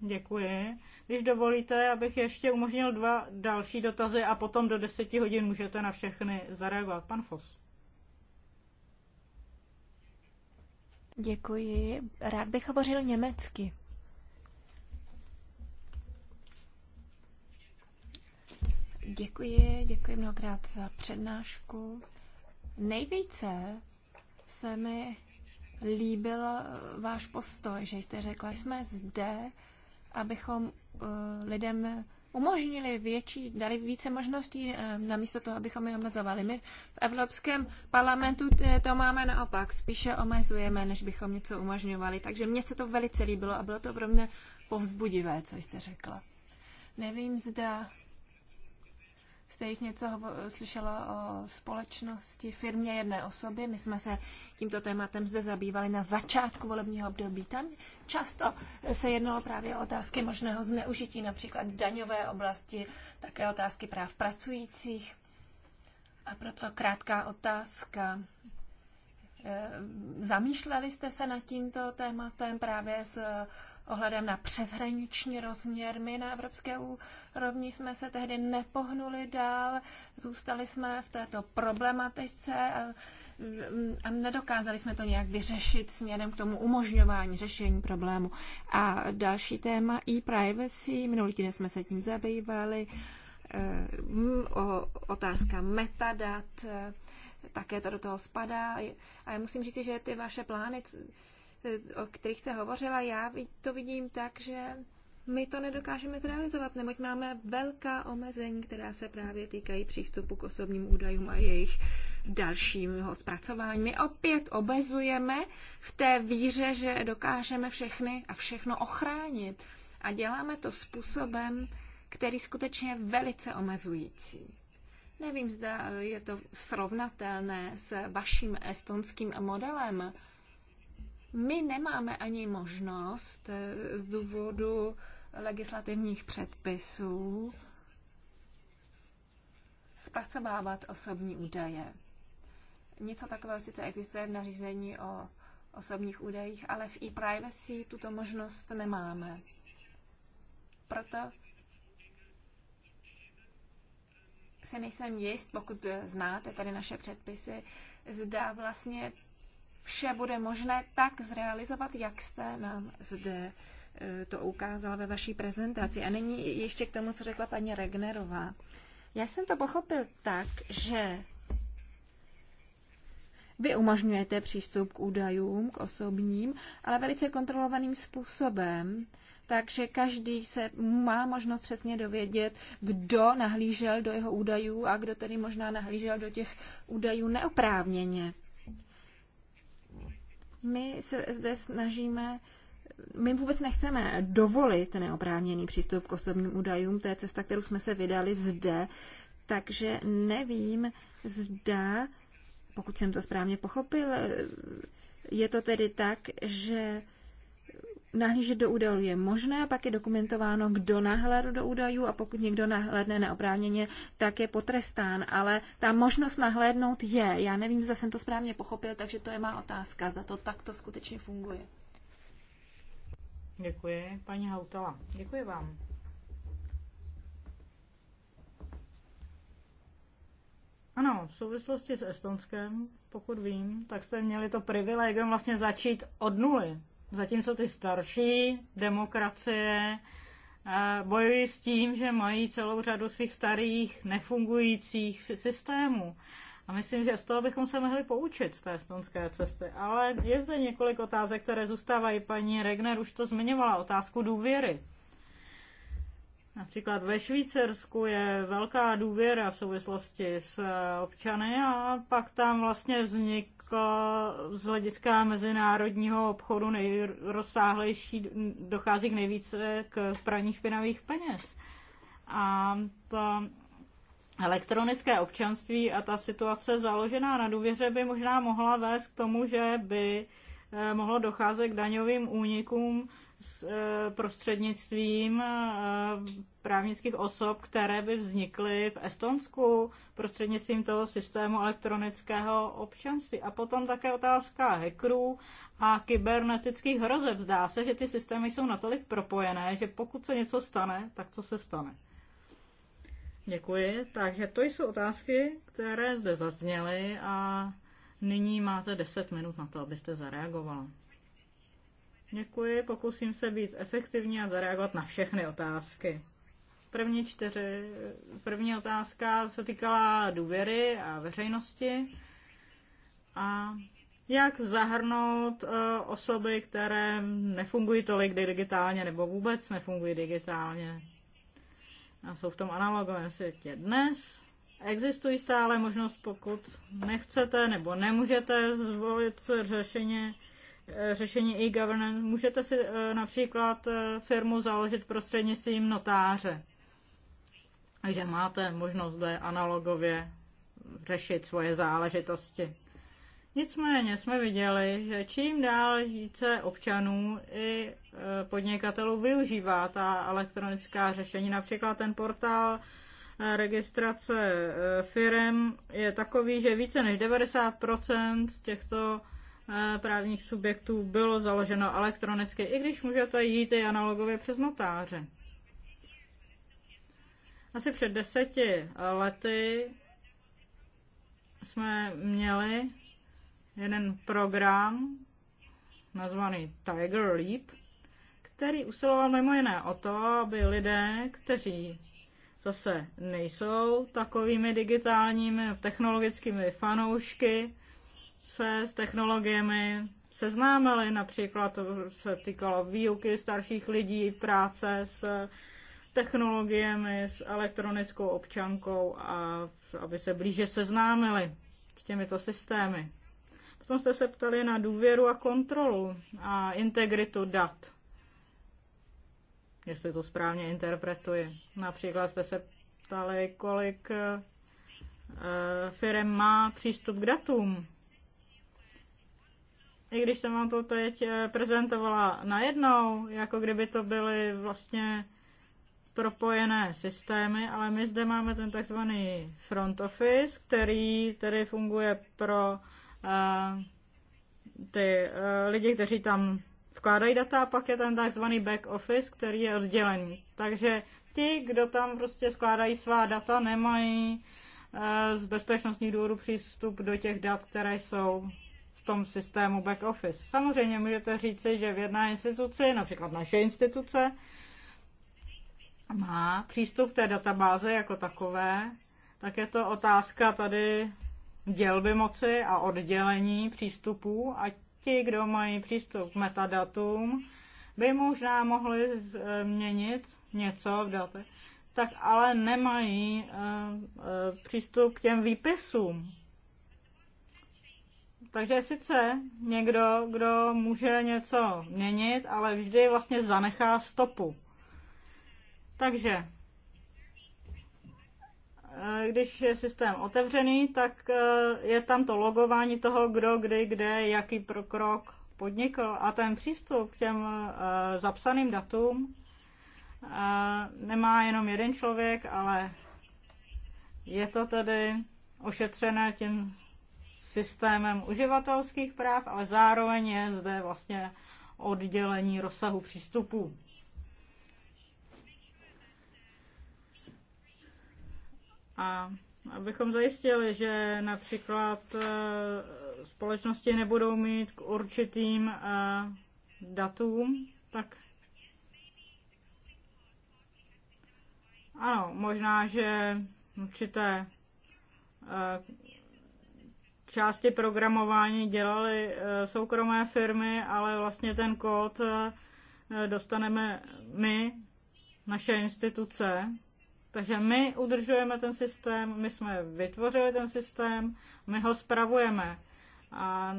Děkuji. Když dovolíte, abych ještě umožnil dva další dotazy a potom do deseti hodin můžete na všechny zareagovat. Pan Fos. Děkuji. Rád bych hovořil německy. Děkuji, děkuji mnohokrát za přednášku. Nejvíce se mi líbil váš postoj, že jste řekla, že jsme zde, abychom eh, lidem umožnili větší, dali více možností, eh, namísto toho, abychom je omezovali. My v Evropském parlamentu to máme naopak, spíše omezujeme, než bychom něco umožňovali. Takže mně se to velice líbilo a bylo to pro mě povzbudivé, co jste řekla. Nevím, zda jste již něco slyšela o společnosti, firmě jedné osoby. My jsme se tímto tématem zde zabývali na začátku volebního období. Tam často se jednalo právě o otázky možného zneužití, například v daňové oblasti, také otázky práv pracujících. A proto krátká otázka. E, zamýšleli jste se nad tímto tématem právě s ohledem na přeshraniční rozměr. My na evropské úrovni jsme se tehdy nepohnuli dál, zůstali jsme v této problematice a, a nedokázali jsme to nějak vyřešit směrem k tomu umožňování řešení problému. A další téma e-privacy, minulý týden jsme se tím zabývali, eh, o, otázka metadat, eh, také to do toho spadá. A já musím říct, že ty vaše plány, o kterých se hovořila, já to vidím tak, že my to nedokážeme zrealizovat, neboť máme velká omezení, která se právě týkají přístupu k osobním údajům a jejich dalšího zpracování. My opět obezujeme v té víře, že dokážeme všechny a všechno ochránit. A děláme to způsobem, který skutečně je velice omezující. Nevím, zda je to srovnatelné s vaším estonským modelem, my nemáme ani možnost eh, z důvodu legislativních předpisů zpracovávat osobní údaje. Něco takového sice existuje v nařízení o osobních údajích, ale v e-privacy tuto možnost nemáme. Proto se nejsem jist, pokud znáte tady naše předpisy, zda vlastně vše bude možné tak zrealizovat, jak jste nám zde e, to ukázala ve vaší prezentaci. A nyní ještě k tomu, co řekla paní Regnerová. Já jsem to pochopil tak, že vy umožňujete přístup k údajům, k osobním, ale velice kontrolovaným způsobem. Takže každý se má možnost přesně dovědět, kdo nahlížel do jeho údajů a kdo tedy možná nahlížel do těch údajů neoprávněně. My se zde snažíme my vůbec nechceme dovolit neoprávněný přístup k osobním údajům, to je cesta, kterou jsme se vydali zde, takže nevím, zda, pokud jsem to správně pochopil, je to tedy tak, že nahlížet do údajů je možné, pak je dokumentováno, kdo nahlédl do údajů a pokud někdo nahlédne neoprávněně, tak je potrestán. Ale ta možnost nahlédnout je. Já nevím, zda jsem to správně pochopil, takže to je má otázka. Za to tak to skutečně funguje. Děkuji, paní Hautala. Děkuji vám. Ano, v souvislosti s Estonskem, pokud vím, tak jste měli to privilegium vlastně začít od nuly Zatímco ty starší demokracie eh, bojují s tím, že mají celou řadu svých starých nefungujících systémů. A myslím, že z toho bychom se mohli poučit z té estonské cesty. Ale je zde několik otázek, které zůstávají. Paní Regner už to zmiňovala, otázku důvěry. Například ve Švýcarsku je velká důvěra v souvislosti s občany a pak tam vlastně vznik, Rusko z hlediska mezinárodního obchodu nejrozsáhlejší, dochází k nejvíce k praní špinavých peněz. A to elektronické občanství a ta situace založená na důvěře by možná mohla vést k tomu, že by eh, mohlo docházet k daňovým únikům s e, prostřednictvím e, právnických osob, které by vznikly v Estonsku prostřednictvím toho systému elektronického občanství. A potom také otázka hackerů a kybernetických hrozeb. Zdá se, že ty systémy jsou natolik propojené, že pokud se něco stane, tak co se stane? Děkuji. Takže to jsou otázky, které zde zazněly a nyní máte 10 minut na to, abyste zareagovala. Děkuji, pokusím se být efektivní a zareagovat na všechny otázky. První čtyři, první otázka se týkala důvěry a veřejnosti a jak zahrnout e, osoby, které nefungují tolik digitálně nebo vůbec nefungují digitálně a jsou v tom analogovém světě dnes. Existují stále možnost, pokud nechcete nebo nemůžete zvolit řešení Eh, řešení e-governance. Můžete si eh, například eh, firmu založit prostřednictvím notáře. Takže máte možnost zde analogově řešit svoje záležitosti. Nicméně jsme viděli, že čím dál více občanů i podnikatelů využívá ta elektronická řešení. Například ten portál registrace firem je takový, že více než 90% těchto Eh, právních subjektů bylo založeno elektronicky, i když můžete jít i analogově přes notáře. Asi před deseti lety jsme měli jeden program nazvaný Tiger Leap, který usiloval mimo jiné o to, aby lidé, kteří zase nejsou takovými digitálními technologickými fanoušky, se s technologiemi seznámili, například to se týkalo výuky starších lidí, práce s technologiemi, s elektronickou občankou a aby se blíže seznámili s těmito systémy. Potom jste se ptali na důvěru a kontrolu a integritu dat. Jestli to správně interpretuji. Například jste se ptali, kolik eh, firm má přístup k datům i když jsem vám to teď eh, prezentovala najednou, jako kdyby to byly vlastně propojené systémy, ale my zde máme ten takzvaný front office, který tedy funguje pro uh, ty uh, lidi, kteří tam vkládají data a pak je ten takzvaný back office, který je oddělený. Takže ti, kdo tam prostě vkládají svá data, nemají uh, z bezpečnostních důvodů přístup do těch dat, které jsou v tom systému back office. Samozřejmě můžete říci, že v jedné instituci, například naše instituce, má přístup k té databáze jako takové, tak je to otázka tady dělby moci a oddělení přístupů a ti, kdo mají přístup k metadatům, by možná mohli změnit něco v datech, tak ale nemají eh, eh, přístup k těm výpisům takže sice někdo, kdo může něco měnit, ale vždy vlastně zanechá stopu. Takže eh, když je systém otevřený, tak eh, je tam to logování toho, kdo, kdy, kde, jaký krok podnikl. A ten přístup k těm eh, zapsaným datům nemá jenom jeden člověk, ale je to tedy ošetřené tím systémem uživatelských práv, ale zároveň je zde vlastně oddělení rozsahu přístupu. A abychom zajistili, že například eh, společnosti nebudou mít k určitým eh, datům, tak ano, možná, že určité eh, části programování dělaly eh, soukromé firmy, ale vlastně ten kód eh, dostaneme my, naše instituce. Takže my udržujeme ten systém, my jsme vytvořili ten systém, my ho spravujeme. A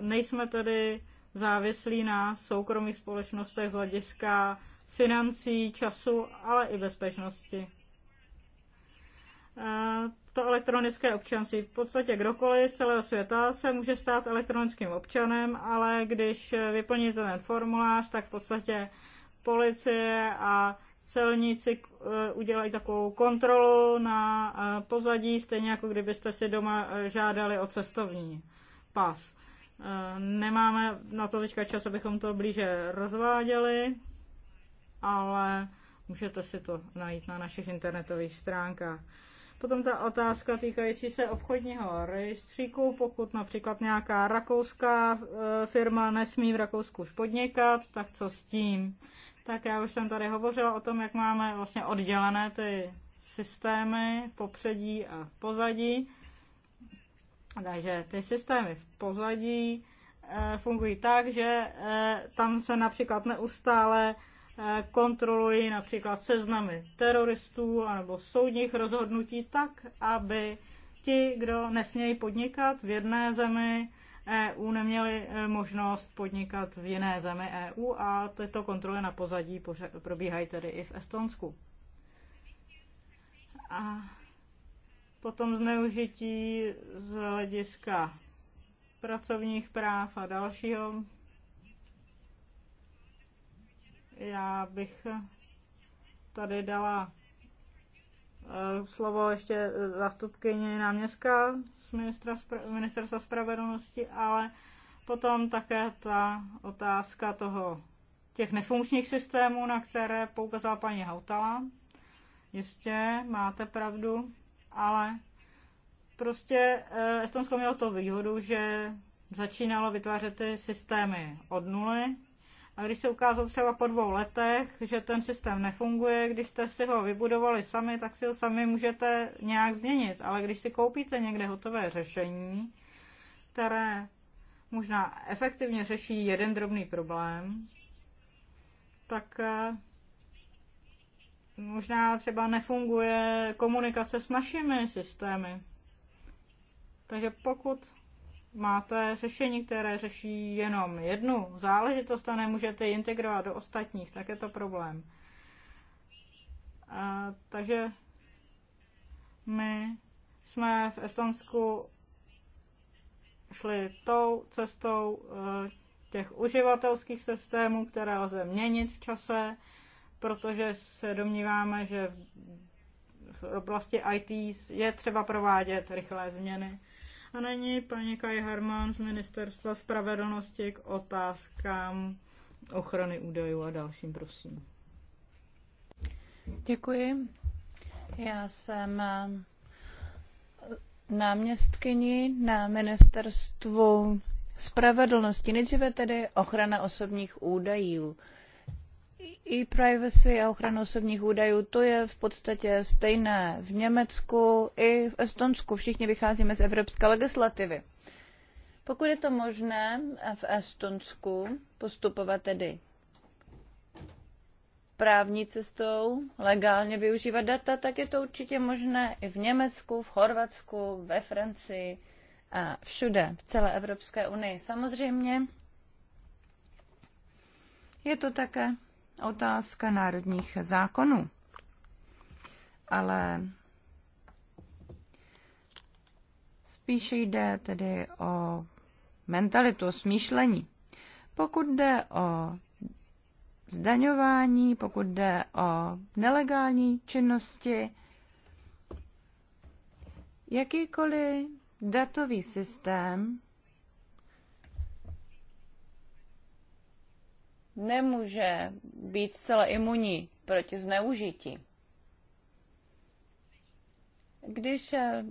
nejsme tedy závislí na soukromých společnostech z hlediska financí, času, ale i bezpečnosti. Eh, to elektronické občanství. V podstatě kdokoliv z celého světa se může stát elektronickým občanem, ale když vyplníte ten formulář, tak v podstatě policie a celníci eh, udělají takovou kontrolu na eh, pozadí, stejně jako kdybyste si doma žádali o cestovní pas. Nemáme na to teďka čas, abychom to blíže rozváděli, ale můžete si to najít na našich internetových stránkách. Potom ta otázka týkající se obchodního rejstříku, pokud například nějaká rakouská e, firma nesmí v Rakousku už podnikat, tak co s tím? Tak já už jsem tady hovořila o tom, jak máme vlastně oddělené ty systémy v popředí a v pozadí. Takže ty systémy v pozadí e, fungují tak, že e, tam se například neustále kontrolují například seznamy teroristů nebo soudních rozhodnutí tak, aby ti, kdo nesmějí podnikat v jedné zemi EU, neměli e, možnost podnikat v jiné zemi EU a tyto kontroly na pozadí probíhají tedy i v Estonsku. A potom zneužití z hlediska pracovních práv a dalšího. Já bych tady dala eh, slovo ještě eh, zastupkyni náměstka z ministra, ministerstva spravedlnosti, ale potom také ta otázka toho těch nefunkčních systémů, na které poukazala paní Hautala. Jistě, máte pravdu, ale prostě eh, Estonsko mělo to výhodu, že začínalo vytvářet ty systémy od nuly a když se ukázalo třeba po dvou letech, že ten systém nefunguje, když jste si ho vybudovali sami, tak si ho sami můžete nějak změnit. Ale když si koupíte někde hotové řešení, které možná efektivně řeší jeden drobný problém, tak eh, možná třeba nefunguje komunikace s našimi systémy. Takže pokud máte řešení, které řeší jenom jednu záležitost a nemůžete ji integrovat do ostatních, tak je to problém. A, takže my jsme v Estonsku šli tou cestou e, těch uživatelských systémů, které lze měnit v čase, protože se domníváme, že v oblasti IT je třeba provádět rychlé změny. A není paní Kai Harman z Ministerstva spravedlnosti k otázkám ochrany údajů a dalším, prosím. Děkuji. Já jsem eh, náměstkyni na ministerstvu spravedlnosti, nejdříve tedy ochrana osobních údajů e-privacy a ochranu osobních údajů, to je v podstatě stejné v Německu i v Estonsku. Všichni vycházíme z evropské legislativy. Pokud je to možné v Estonsku postupovat tedy právní cestou, legálně využívat data, tak je to určitě možné i v Německu, v Chorvatsku, ve Francii a všude, v celé Evropské unii. Samozřejmě je to také otázka národních zákonů. Ale spíše jde tedy o mentalitu, o smýšlení. Pokud jde o zdaňování, pokud jde o nelegální činnosti, jakýkoliv datový systém nemůže být zcela imunní proti zneužití. Když eh,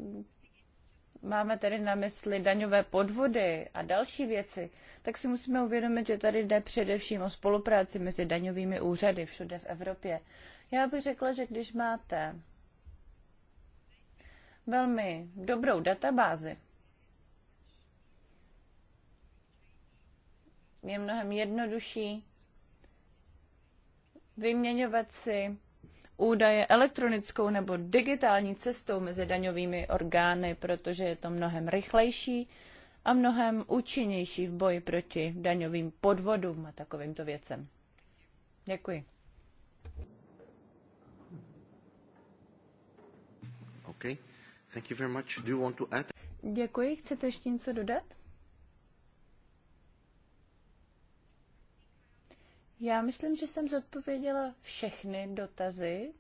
máme tedy na mysli daňové podvody a další věci, tak si musíme uvědomit, že tady jde především o spolupráci mezi daňovými úřady všude v Evropě. Já bych řekla, že když máte velmi dobrou databázi, je mnohem jednodušší vyměňovat si údaje elektronickou nebo digitální cestou mezi daňovými orgány, protože je to mnohem rychlejší a mnohem účinnější v boji proti daňovým podvodům a takovýmto věcem. Děkuji. Okay. Thank you very much. Do you want to add? Děkuji. Chcete ještě něco dodat? Já myslím, že jsem zodpověděla všechny dotazy.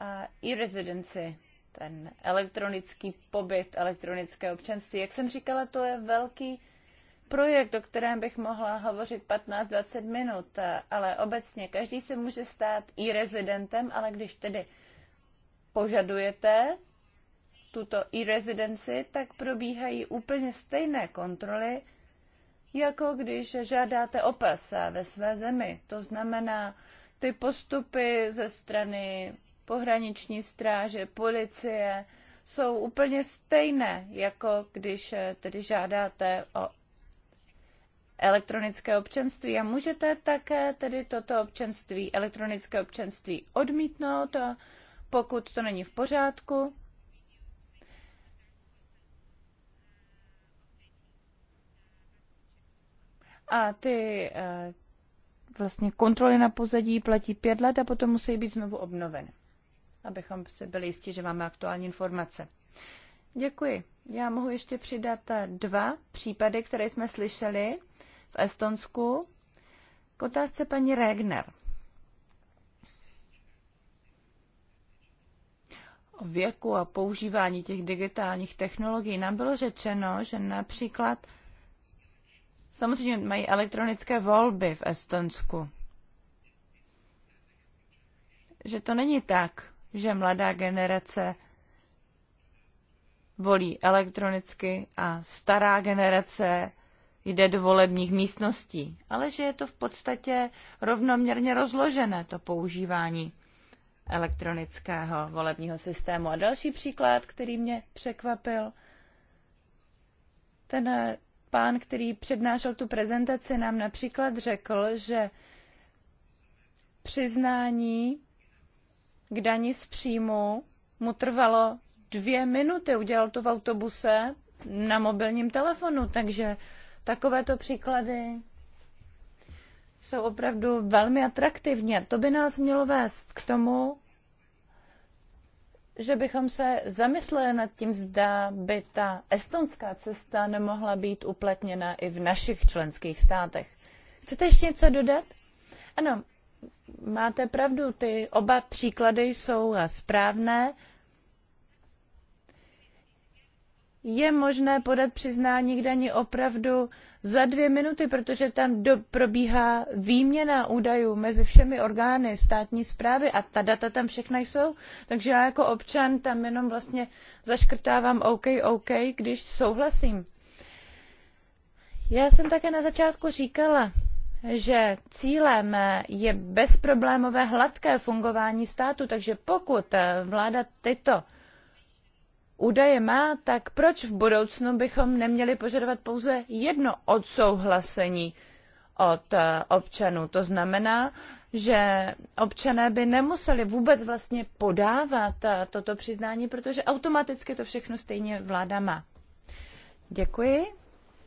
A i rezidenci, ten elektronický pobyt, elektronické občanství, jak jsem říkala, to je velký projekt, o kterém bych mohla hovořit 15-20 minut, ale obecně každý se může stát i rezidentem, ale když tedy požadujete tuto e-rezidenci, tak probíhají úplně stejné kontroly jako když žádáte o ve své zemi. To znamená, ty postupy ze strany pohraniční stráže, policie jsou úplně stejné, jako když tedy žádáte o elektronické občanství a můžete také tedy toto občanství, elektronické občanství odmítnout, pokud to není v pořádku. a ty eh, vlastně kontroly na pozadí platí pět let a potom musí být znovu obnoveny, abychom si byli jistí, že máme aktuální informace. Děkuji. Já mohu ještě přidat eh, dva případy, které jsme slyšeli v Estonsku. K otázce paní Regner. O věku a používání těch digitálních technologií nám bylo řečeno, že například Samozřejmě mají elektronické volby v Estonsku. Že to není tak, že mladá generace volí elektronicky a stará generace jde do volebních místností, ale že je to v podstatě rovnoměrně rozložené, to používání elektronického volebního systému. A další příklad, který mě překvapil, ten pán, který přednášel tu prezentaci, nám například řekl, že přiznání k dani z příjmu mu trvalo dvě minuty. Udělal to v autobuse na mobilním telefonu, takže takovéto příklady jsou opravdu velmi atraktivní. To by nás mělo vést k tomu, že bychom se zamysleli nad tím, zda by ta estonská cesta nemohla být uplatněna i v našich členských státech. Chcete ještě něco dodat? Ano, máte pravdu, ty oba příklady jsou správné. je možné podat přiznání k dani opravdu za dvě minuty, protože tam do, probíhá výměna údajů mezi všemi orgány státní správy a ta data tam všechna jsou. Takže já jako občan tam jenom vlastně zaškrtávám OK, OK, když souhlasím. Já jsem také na začátku říkala, že cílem je bezproblémové hladké fungování státu, takže pokud vláda tyto údaje má, tak proč v budoucnu bychom neměli požadovat pouze jedno odsouhlasení od eh, občanů? To znamená, že občané by nemuseli vůbec vlastně podávat eh, toto přiznání, protože automaticky to všechno stejně vláda má. Děkuji.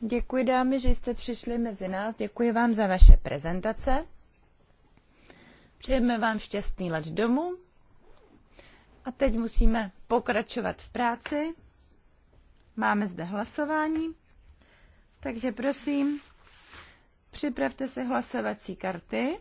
Děkuji dámy, že jste přišli mezi nás. Děkuji vám za vaše prezentace. Přejeme vám šťastný let domů. A teď musíme pokračovat v práci. Máme zde hlasování, takže prosím, připravte si hlasovací karty.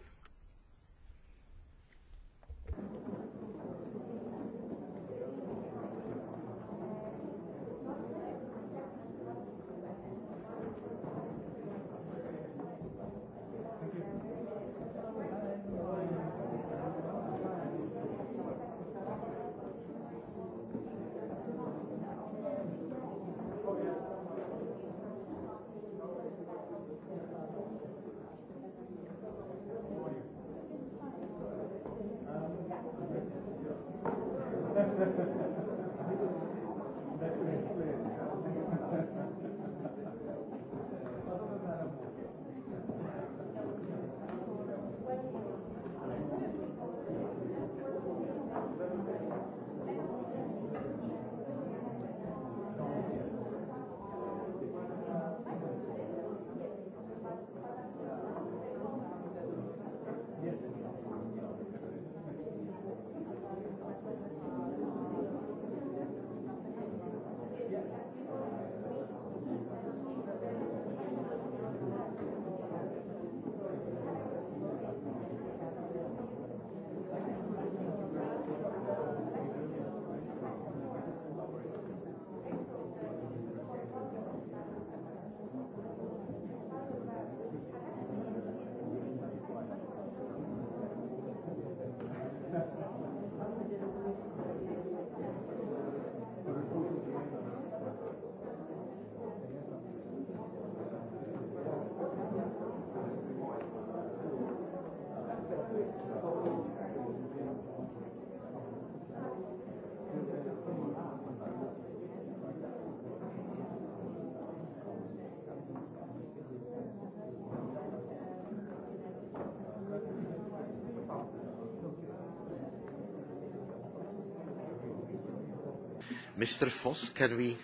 Mr. Foss, can we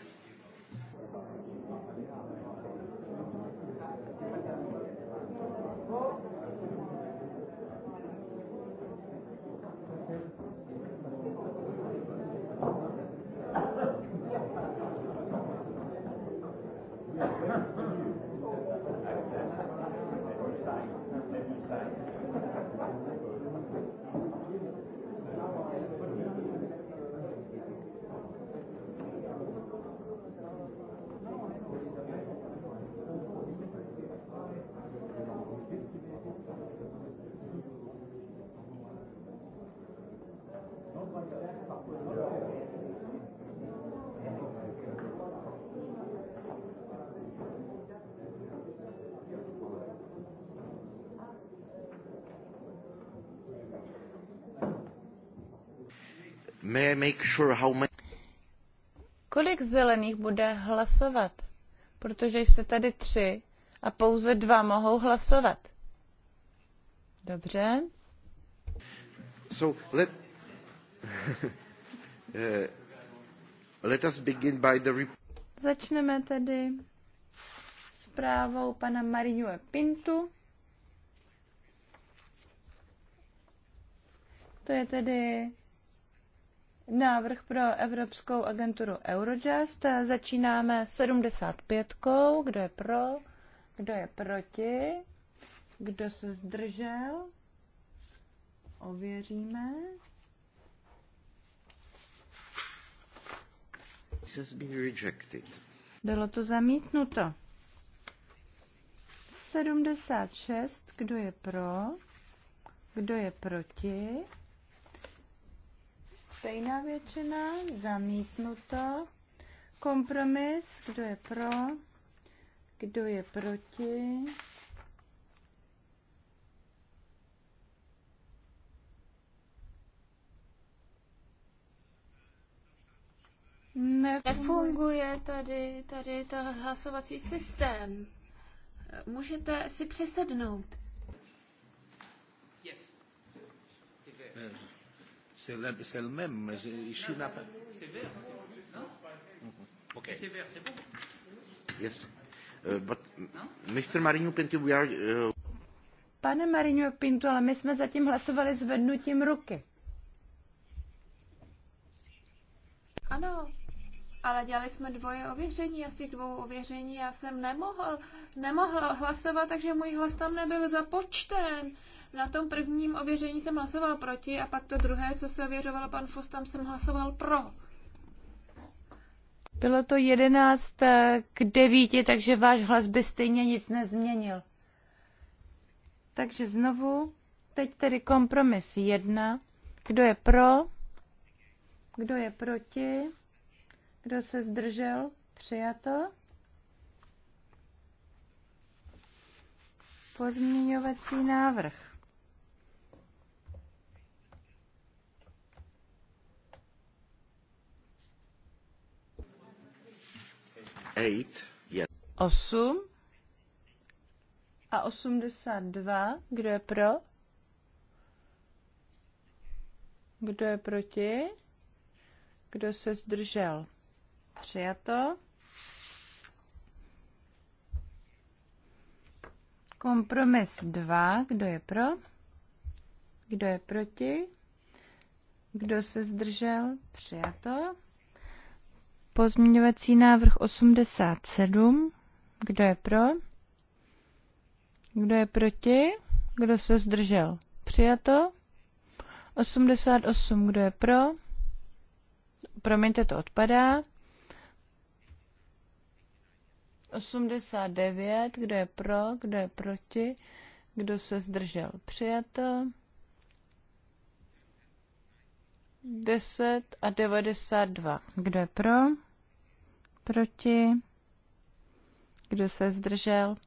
May I make sure how many... Kolik zelených bude hlasovat? Protože jste tady tři a pouze dva mohou hlasovat. Dobře. So let, uh, let us begin by the Začneme tedy zprávou pana Marinue Pintu. To je tedy návrh pro Evropskou agenturu Eurojust. Začínáme 75. Kdo je pro? Kdo je proti? Kdo se zdržel? Ověříme. Bylo to zamítnuto. 76. Kdo je pro? Kdo je proti? stejná většina, zamítnuto. Kompromis, kdo je pro, kdo je proti. Nefunguje tady, tady to hlasovací systém. Můžete si přesednout. Yes. C'est le, c'est le même, mais ici n'a pas. C'est vert, non Okay. C'est vert, c'est bon. Yes. Uh, but Mr. we are... Uh... Pane Marino Pintu, ale my jsme zatím hlasovali vednutím ruky. Ano, ale dělali jsme dvoje ověření, asi dvou ověření. Já jsem nemohl, nemohl hlasovat, takže můj hlas tam nebyl započten. Na tom prvním ověření jsem hlasoval proti a pak to druhé, co se ověřovalo pan Fos, tam jsem hlasoval pro. Bylo to 11 k 9, takže váš hlas by stejně nic nezměnil. Takže znovu, teď tedy kompromis 1. Kdo je pro? Kdo je proti? Kdo se zdržel? Přijato. Pozměňovací návrh. 8 a 82. Kdo je pro? Kdo je proti? Kdo se zdržel? Přijato. Kompromis 2. Kdo je pro? Kdo je proti? Kdo se zdržel? Přijato. Pozměňovací návrh 87. Kdo je pro? Kdo je proti? Kdo se zdržel? Přijato. 88. Kdo je pro? Promiňte, to odpadá. 89. Kdo je pro? Kdo je proti? Kdo se zdržel? Přijato. 10 a 92. Kdo je pro? Proti? Kdo se zdržel?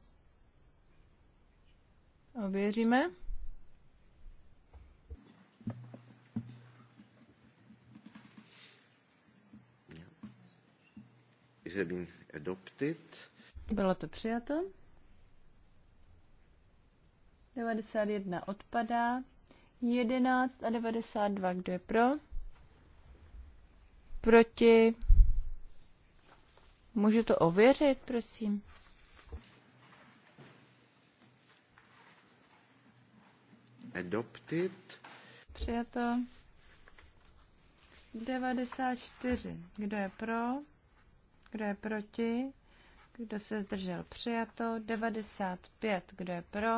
Ověříme. Bylo to přijato. 91 odpadá. 11 a 92, kdo je pro? Proti? Můžu to ověřit, prosím? Adopted. Přijato. 94. Kdo je pro? Kdo je proti? Kdo se zdržel? Přijato. 95. Kdo je pro?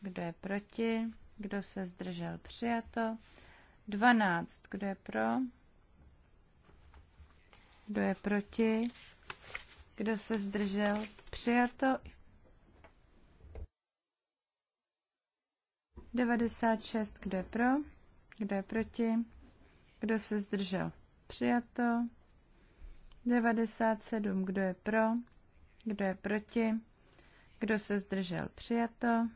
Kdo je proti? Kdo se zdržel? Přijato. 12. Kdo je pro? Kdo je proti? Kdo se zdržel? Přijato. 96. Kdo je pro? Kdo je proti? Kdo se zdržel? Přijato. 97. Kdo je pro? Kdo je proti? Kdo se zdržel? Přijato.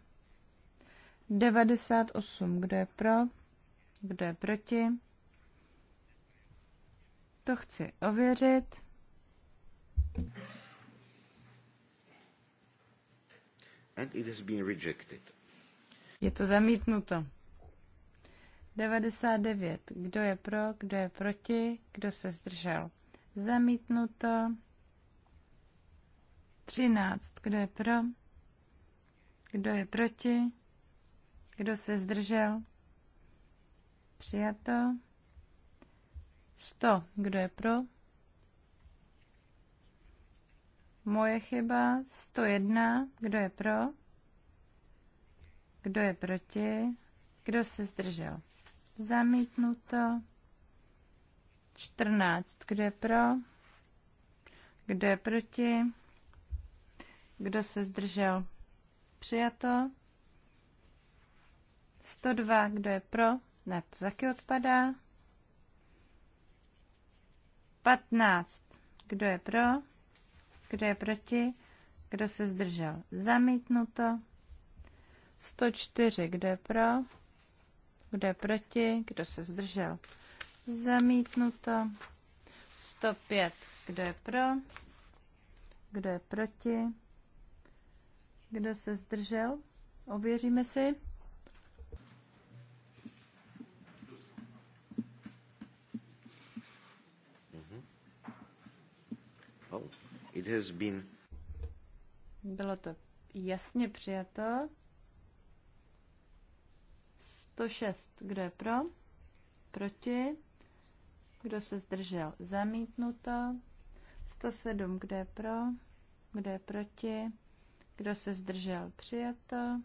98. Kdo je pro? Kdo je proti? To chci ověřit. And it has been rejected. Je to zamítnuto. 99. Kdo je pro, kdo je proti, kdo se zdržel? Zamítnuto. 13. Kdo je pro, kdo je proti, kdo se zdržel? Přijato. 100. Kdo je pro, Moje chyba 101. Kdo je pro? Kdo je proti? Kdo se zdržel? Zamítnuto. 14. Kdo je pro? Kdo je proti? Kdo se zdržel? Přijato. 102. Kdo je pro? Ne, to taky odpadá. 15. Kdo je pro? Kdo je proti? Kdo se zdržel? Zamítnuto. 104. Kdo je pro? Kdo je proti? Kdo se zdržel? Zamítnuto. 105. Kdo je pro? Kdo je proti? Kdo se zdržel? Ověříme si. It has been... Bylo to jasně přijato. 106. Kdo je pro? Proti? Kdo se zdržel? Zamítnuto. 107. Kdo je pro? Kdo je proti? Kdo se zdržel? Přijato.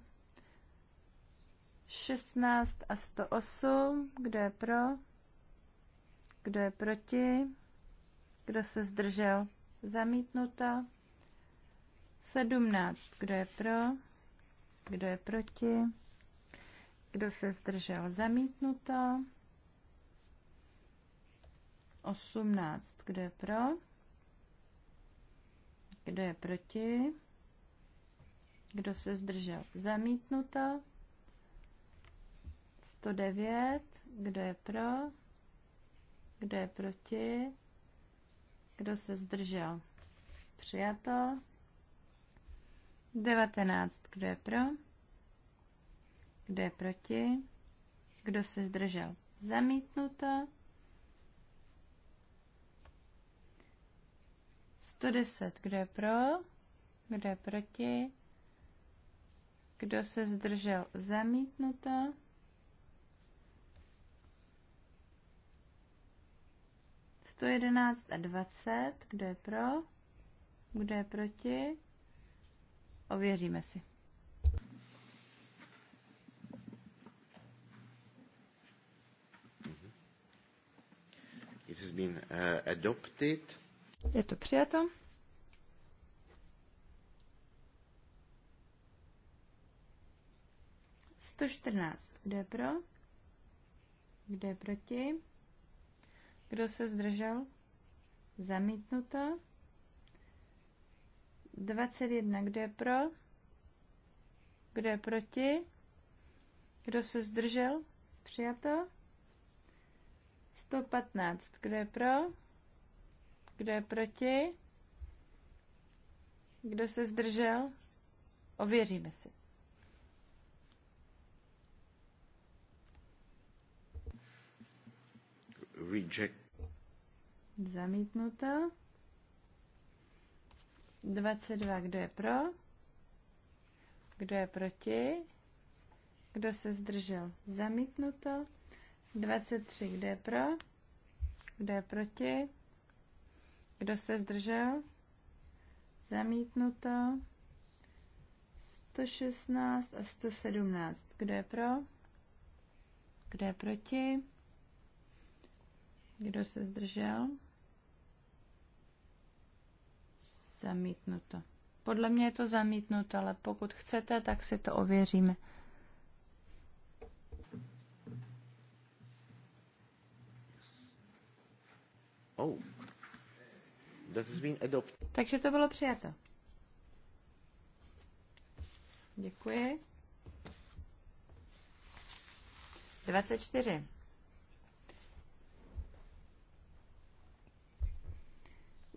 16 a 108. Kdo je pro? Kdo je proti? Kdo se zdržel? Zamítnuto. 17. Kdo je pro? Kdo je proti? Kdo se zdržel? Zamítnuto. 18. Kdo je pro? Kdo je proti? Kdo se zdržel? Zamítnuto. 109. Kdo je pro? Kdo je proti? Kdo se zdržel? Přijato. 19. Kdo je pro? Kdo je proti? Kdo se zdržel? Zamítnuto. 110. Kdo je pro? Kdo je proti? Kdo se zdržel? Zamítnuto. 111 a 20. Kdo je pro? Kdo je proti? Ověříme si. It has been, uh, adopted. Je to přijato. Sto čtrnáct. Kdo je pro? Kdo je proti? Kdo se zdržel? Zamítnuto. 21. Kdo je pro? Kdo je proti? Kdo se zdržel? Přijato. 115. Kdo je pro? Kdo je proti? Kdo se zdržel? Ověříme si. reject. Zamítnuto. 22, kdo je pro? Kdo je proti? Kdo se zdržel? Zamítnuto. 23, kdo je pro? Kdo je proti? Kdo se zdržel? Zamítnuto. 116 a 117. Kdo je pro? Kdo je proti? Kdo se zdržel? Zamítnuto. Podle mě je to zamítnuto, ale pokud chcete, tak si to ověříme. Oh. That has been adopted. Takže to bylo přijato. Děkuji. 24.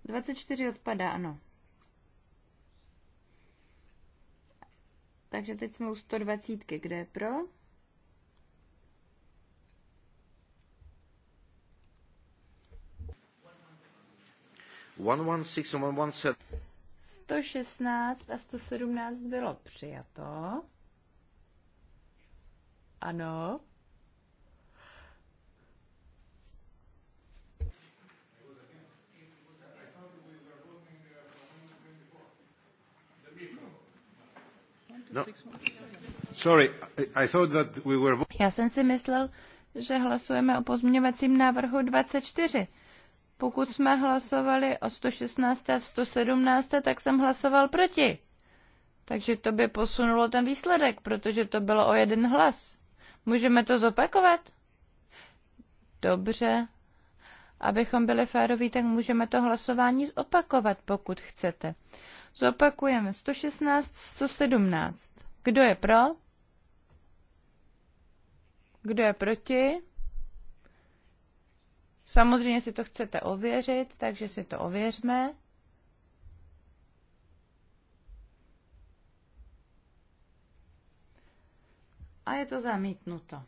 24 odpadá, ano. Takže teď jsme u 120, kde je pro? One, one, six, one, one, 116 a 117 bylo přijato. Ano. No. Sorry, I thought that we were... Já jsem si myslel, že hlasujeme o pozměňovacím návrhu 24. Pokud jsme hlasovali o 116 a 117, tak jsem hlasoval proti. Takže to by posunulo ten výsledek, protože to bylo o jeden hlas. Můžeme to zopakovat? Dobře. Abychom byli féroví, tak můžeme to hlasování zopakovat, pokud chcete. Zopakujeme 116, 117. Kdo je pro? Kdo je proti? Samozřejmě si to chcete ověřit, takže si to ověřme. A je to zamítnuto.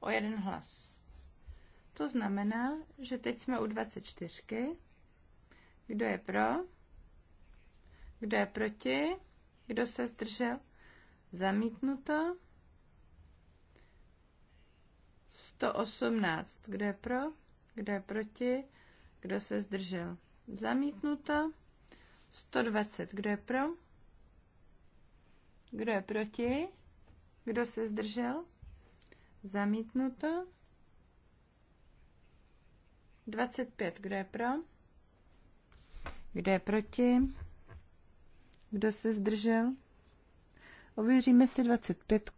O jeden hlas. To znamená, že teď jsme u 24. Kdo je pro? Kdo je proti? Kdo se zdržel? Zamítnuto. 118. Kdo je pro? Kdo je proti? Kdo se zdržel? Zamítnuto. 120. Kdo je pro? Kdo je proti? Kdo se zdržel? Zamítnuto. 25. Kdo je pro? Kdo je proti? Kdo se zdržel? Ověříme si 25.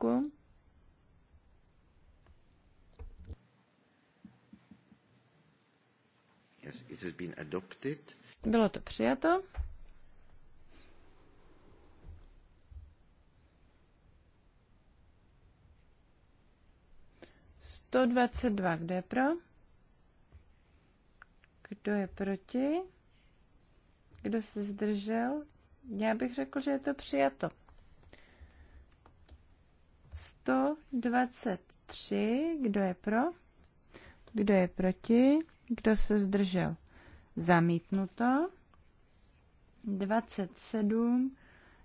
Yes, it has been adopted. Bylo to přijato. Sto dvacet dva, kde je pro? Kdo je proti? Kdo se zdržel? Já bych řekl, že je to přijato. 123. Kdo je pro? Kdo je proti? Kdo se zdržel? Zamítnuto. 27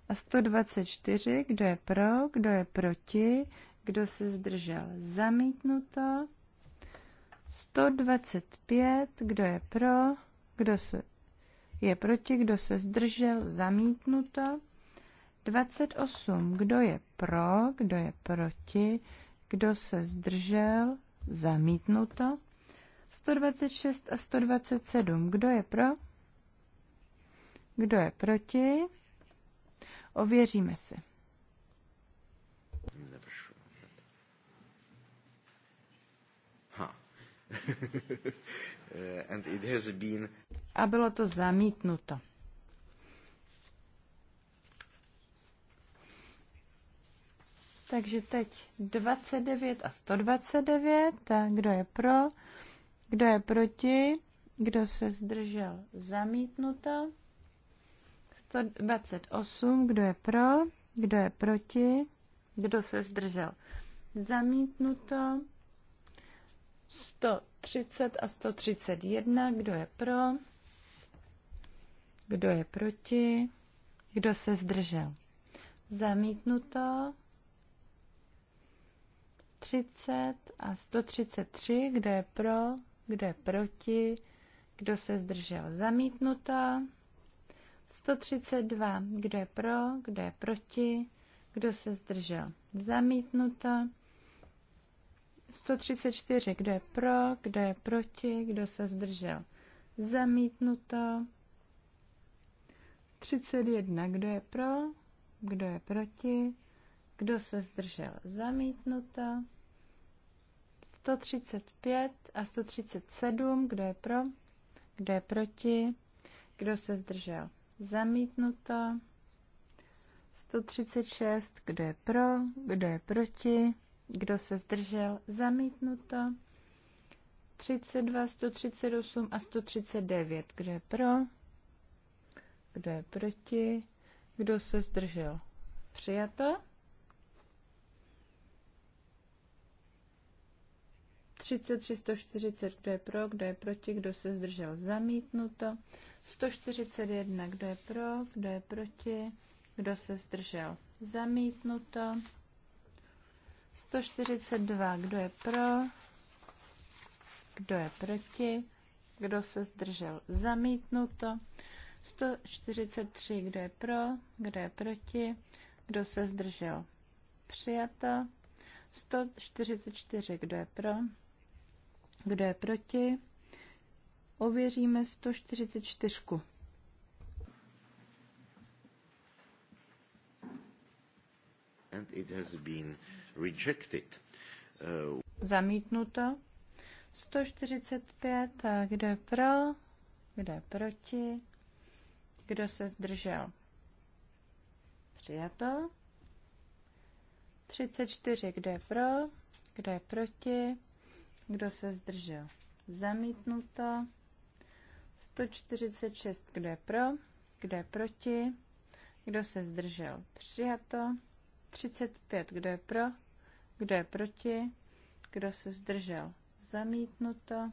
a 124. Kdo je pro? Kdo je proti? Kdo se zdržel? Zamítnuto. 125, kdo je pro, kdo se je proti, kdo se zdržel, zamítnuto. 28, kdo je pro, kdo je proti, kdo se zdržel, zamítnuto. 126 a 127, kdo je pro, kdo je proti, ověříme si. And it has been... A bylo to zamítnuto. Takže teď 29 a 129. A kdo je pro? Kdo je proti? Kdo se zdržel? Zamítnuto. 128. Kdo je pro? Kdo je proti? Kdo se zdržel? Zamítnuto. 130 a 131. Kdo je pro? Kdo je proti? Kdo se zdržel? Zamítnuto. 30 a 133. Kdo je pro? Kdo je proti? Kdo se zdržel? Zamítnuto. 132. Kdo je pro? Kdo je proti? Kdo se zdržel? Zamítnuto. 134. Kdo je pro, kdo je proti, kdo se zdržel? Zamítnuto. 31. Kdo je pro, kdo je proti, kdo se zdržel? Zamítnuto. 135 a 137. Kdo je pro, kdo je proti, kdo se zdržel? Zamítnuto. 136. Kdo je pro, kdo je proti, kdo se zdržel? Zamítnuto. 32, 138 a 139. Kdo je pro? Kdo je proti? Kdo se zdržel? Přijato. 33, 140, kdo je pro, kdo je proti, kdo se zdržel, zamítnuto. 141, kdo je pro, kdo je proti, kdo se zdržel, zamítnuto. 142. Kdo je pro? Kdo je proti? Kdo se zdržel? Zamítnuto. 143. Kdo je pro? Kdo je proti? Kdo se zdržel? Přijato. 144. Kdo je pro? Kdo je proti? Ověříme 144. And it has been rejected. Zamítnuto. 145. Kdo je pro? Kdo je proti? Kdo se zdržel? Přijato. 34. Kdo je pro? Kdo je proti? Kdo se zdržel? Zamítnuto. 146. Kdo je pro? Kdo je proti? Kdo se zdržel? Přijato. 35. Kdo je pro? Kdo je proti? Kdo se zdržel? Zamítnuto.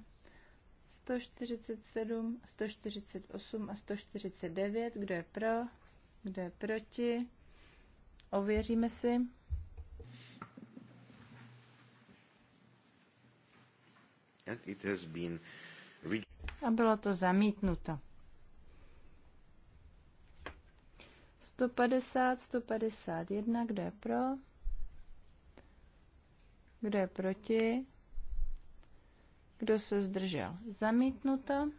147, 148 a 149. Kdo je pro? Kdo je proti? Ověříme si. it has been a bylo to zamítnuto. 150, 151, kdo je pro? Kdo je proti? Kdo se zdržel? Zamítnuto.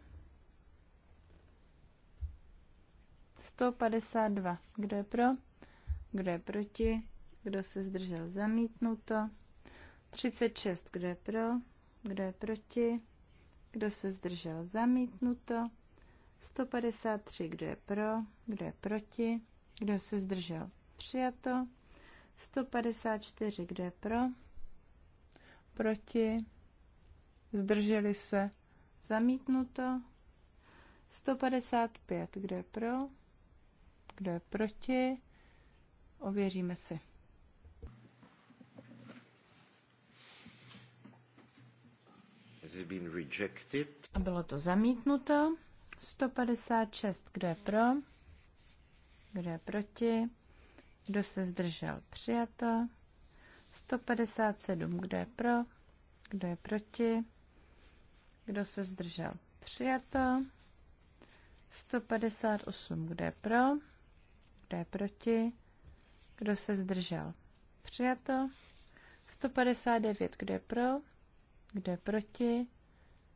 152. Kdo je pro? Kdo je proti? Kdo se zdržel? Zamítnuto. 36. Kdo je pro? Kdo je proti? Kdo se zdržel? Zamítnuto. 153. Kdo je pro? Kdo je proti? Kdo se zdržel? Přijato. 154. Kdo je pro? proti, zdrželi se, zamítnuto. 155, kdo je pro, kdo je proti, ověříme si. A bylo to zamítnuto. 156, kdo je pro, kdo je proti, kdo se zdržel, přijato. 157. Kdo je pro? Kdo je proti? Kdo se zdržel? Přijato. 158. Kdo je pro? Kdo je proti? Kdo se zdržel? Přijato. 159. Kdo je pro? Kdo je proti?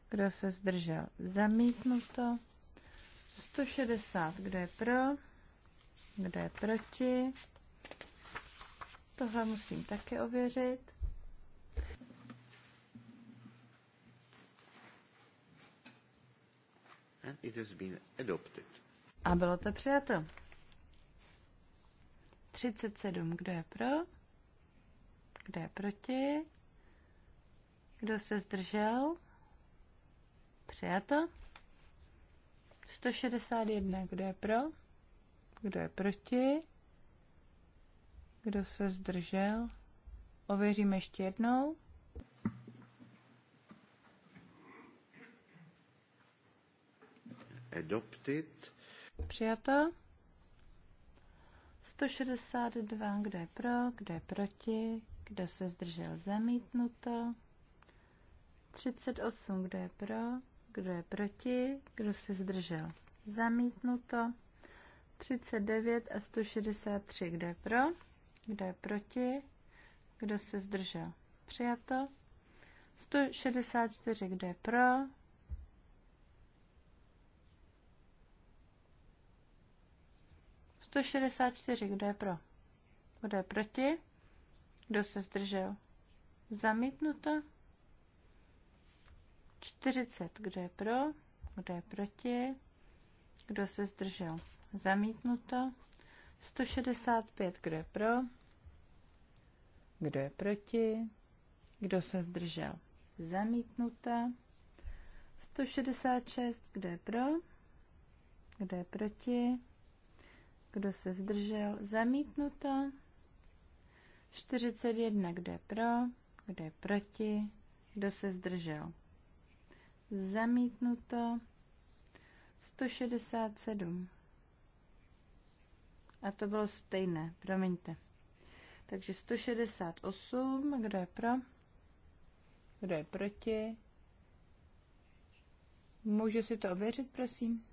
Kdo se zdržel? Zamítnuto. 160. Kdo je pro? Kdo je proti? Tohle musím také ověřit. And it has been adopted. A bylo to přijato. 37. Kdo je pro? Kdo je proti? Kdo se zdržel? Přijato. 161. Kdo je pro? Kdo je proti? Kdo se zdržel? Ověřím ještě jednou. Adopted. Přijato. 162, kdo je pro, kdo je proti, kdo se zdržel zamítnuto. 38, kdo je pro, kdo je proti, kdo se zdržel zamítnuto. 39 a 163, kdo je pro, kdo je proti? Kdo se zdržel? Přijato. 164. Kdo je pro? Sto šedesát čtyři, kdo je pro? Kdo je proti? Kdo se zdržel? Zamítnuto. 40. Kdo je pro? Kdo je proti? Kdo se zdržel? Zamítnuto. 165, kdo je pro? Kdo je proti? Kdo se zdržel? Zamítnuta. 166, kdo je pro? Kdo je proti? Kdo se zdržel? Zamítnuto. 41, kdo je pro? Kdo je proti? Kdo se zdržel? Zamítnuto. 167, a to bylo stejné, promiňte. Takže 168, kdo je pro? Kdo je proti? Můžu si to ověřit, prosím?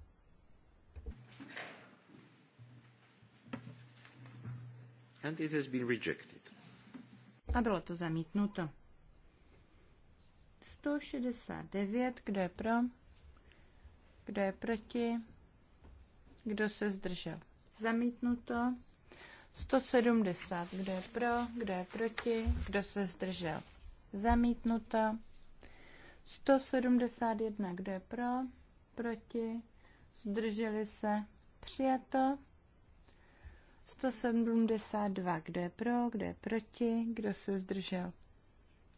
And it has been rejected. A bylo to zamítnuto. 169, kdo je pro? Kdo je proti? Kdo se zdržel? Zamítnuto. 170. Kdo je pro? Kdo je proti? Kdo se zdržel? Zamítnuto. 171. Kdo je pro? Proti? Zdrželi se? Přijato. 172. Kdo je pro? Kdo je proti? Kdo se zdržel?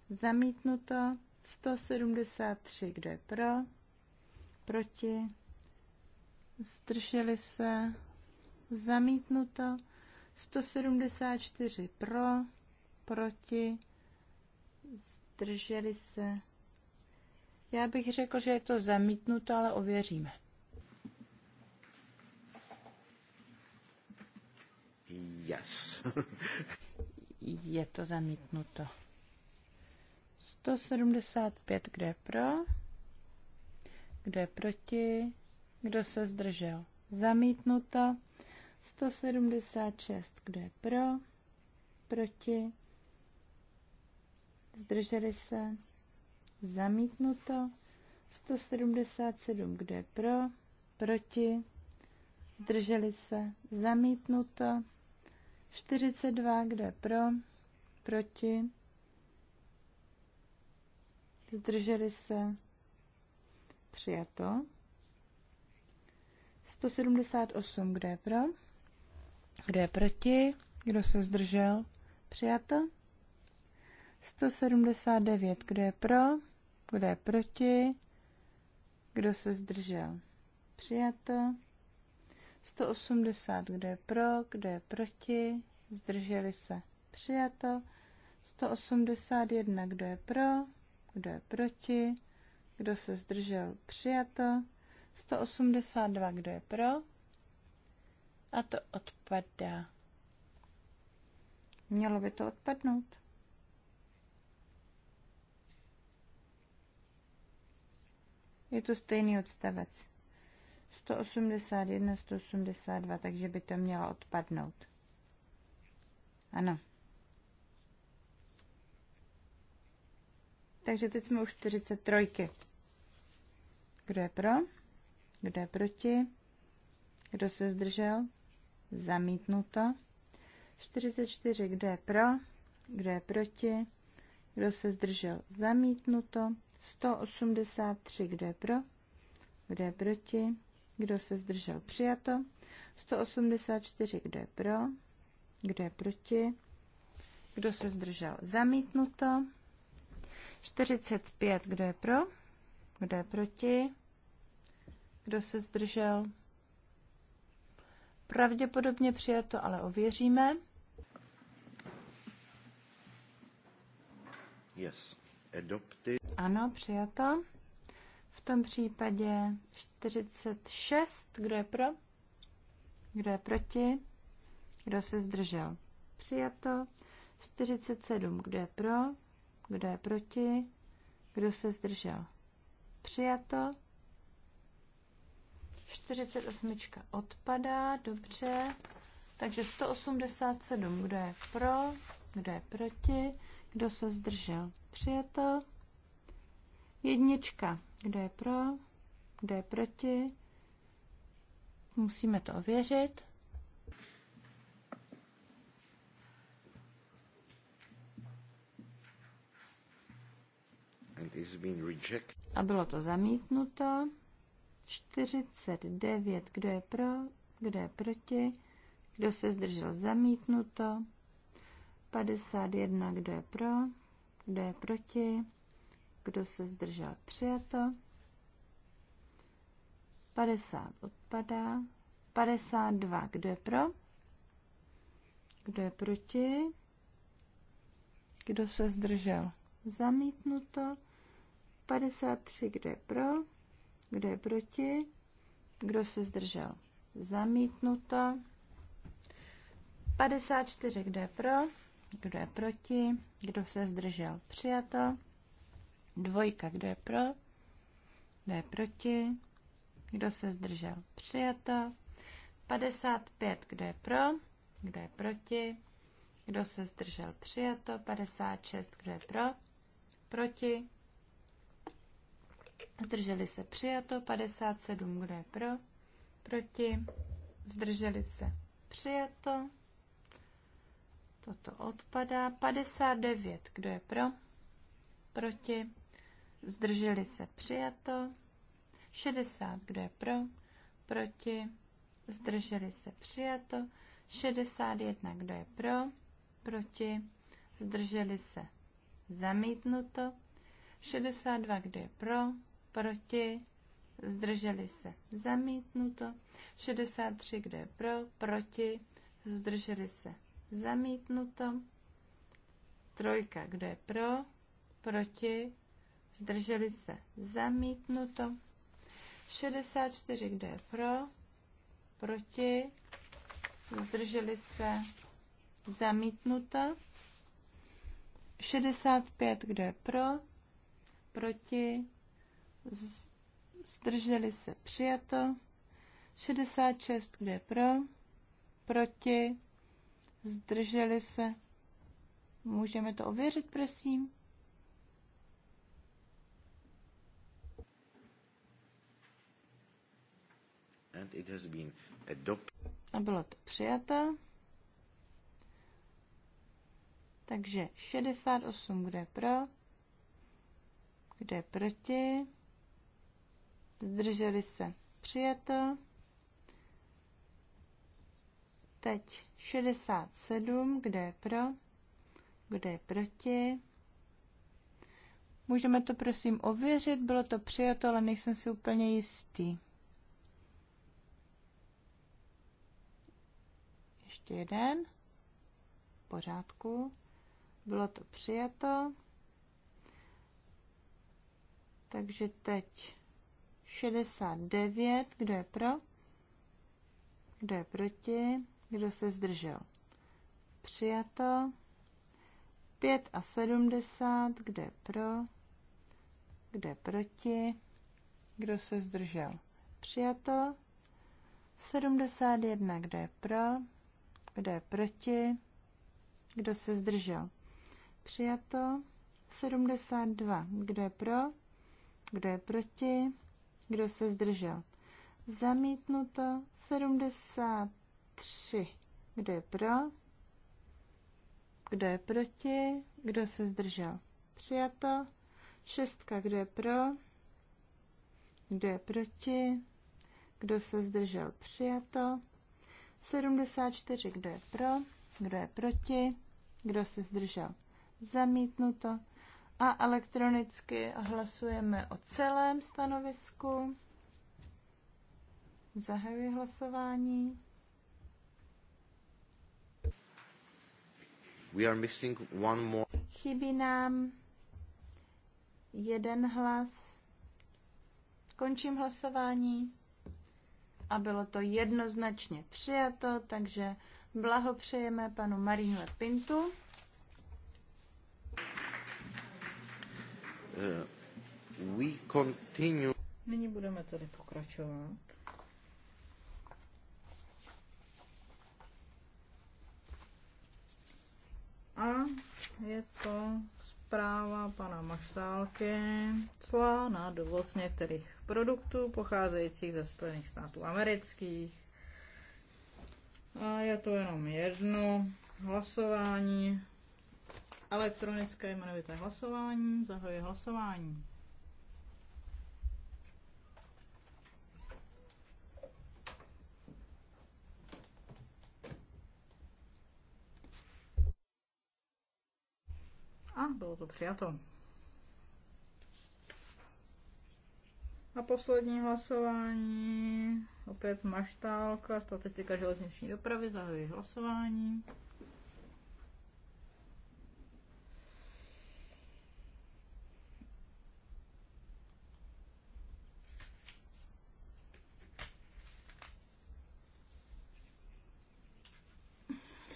Zamítnuto. 173. Kdo je pro? Proti? Zdrželi se? zamítnuto, 174 pro, proti, zdrželi se. Já bych řekl, že je to zamítnuto, ale ověříme. Yes. je to zamítnuto. 175, kde je pro? Kdo je proti? Kdo se zdržel? Zamítnuto. 176, kdo je pro, proti, zdrželi se, zamítnuto, 177, kdo je pro, proti, zdrželi se, zamítnuto, 42, kdo je pro, proti, zdrželi se, přijato, 178, kdo je pro, kdo je proti? Kdo se zdržel? Přijato. 179. Kdo je pro? Kdo je proti? Kdo se zdržel? Přijato. 180. Kdo je pro? Kdo je proti? Zdrželi se. Přijato. 181. Kdo je pro? Kdo je proti? Kdo se zdržel? Přijato. 182. Kdo je pro? A to odpadá. Mělo by to odpadnout. Je to stejný odstavec. 181, 182, takže by to mělo odpadnout. Ano. Takže teď jsme u 43. Kdo je pro? Kdo je proti? Kdo se zdržel? Zamítnuto. 44. Kdo je pro? Kdo je proti? Kdo se zdržel? Zamítnuto. 183. Kdo je pro? Kdo je proti? Kdo se zdržel? Přijato. 184. Kdo je pro? Kdo je proti? Kdo se zdržel? Zamítnuto. 45. Kdo je pro? Kdo je proti? Kdo se zdržel? pravděpodobně přijato, ale ověříme. Yes. Adopted. Ano, přijato. V tom případě 46. Kdo je pro? Kdo je proti? Kdo se zdržel? Přijato. 47. Kdo je pro? Kdo je proti? Kdo se zdržel? Přijato. 48 odpadá, dobře. Takže 187, kdo je pro, kdo je proti, kdo se zdržel. Přijeto. Jednička, kdo je pro, kdo je proti. Musíme to ověřit. A bylo to zamítnuto. 49. Kdo je pro? Kdo je proti? Kdo se zdržel? Zamítnuto. 51. Kdo je pro? Kdo je proti? Kdo se zdržel? Přijato. 50 odpadá. 52. Kdo je pro? Kdo je proti? Kdo se zdržel? Zamítnuto. 53. Kdo je pro? Kdo je proti? Kdo se zdržel? Zamítnuto. 54. Kdo je pro? Kdo je proti? Kdo se zdržel? Přijato. Dvojka. Kdo je pro? Kdo je proti? Kdo se zdržel? Přijato. 55. Kdo je pro? Kdo je proti? Kdo se zdržel? Přijato. 56. Kdo je pro? Proti? Zdrželi se přijato 57, kdo je pro? Proti? Zdrželi se přijato. Toto odpadá. 59, kdo je pro? Proti? Zdrželi se přijato. 60, kdo je pro? Proti? Zdrželi se přijato. 61, kdo je pro? Proti? Zdrželi se zamítnuto. 62, kdo je pro? proti, zdrželi se, zamítnuto. 63, kdo je pro, proti, zdrželi se, zamítnuto. Trojka, kdo je pro, proti, zdrželi se, zamítnuto. 64, kdo je pro, proti, zdrželi se, zamítnuto. 65, kdo je pro, proti, zdrželi se přijato, 66, kde je pro, proti, zdrželi se, můžeme to ověřit, prosím. And it has been a bylo to přijato. Takže 68, kde je pro, kde je proti, zdrželi se, přijato. Teď 67, kde je pro, kde je proti. Můžeme to prosím ověřit, bylo to přijato, ale nejsem si úplně jistý. Ještě jeden. V pořádku. Bylo to přijato. Takže teď 69. Kdo je pro? Kdo je proti? Kdo se zdržel? Přijato. 5 a 70. Kdo je pro? Kdo je proti? Kdo se zdržel? Přijato. 71. Kdo je pro? Kdo je proti? Kdo se zdržel? Přijato. 72. Kdo je pro? Kdo je proti? Kdo se zdržel? Zamítnuto 73. Kdo je pro? Kdo je proti? Kdo se zdržel? Přijato. Šestka. Kdo je pro? Kdo je proti? Kdo se zdržel? Přijato. 74. Kdo je pro? Kdo je proti? Kdo se zdržel? Zamítnuto a elektronicky hlasujeme o celém stanovisku. Zahajuji hlasování. We are missing one more. Chybí nám jeden hlas. Končím hlasování. A bylo to jednoznačně přijato, takže blahopřejeme panu Marínu Pintu. Eh, we continue. Nyní budeme tedy pokračovat. A je to zpráva pana Maštálky cla na dovoz některých produktů pocházejících ze Spojených států amerických. A je to jenom jedno hlasování. Elektronické jmenovité hlasování. Zahajuji hlasování. A bylo to přijato. A poslední hlasování, opět maštálka, statistika železniční dopravy, zahajuji hlasování.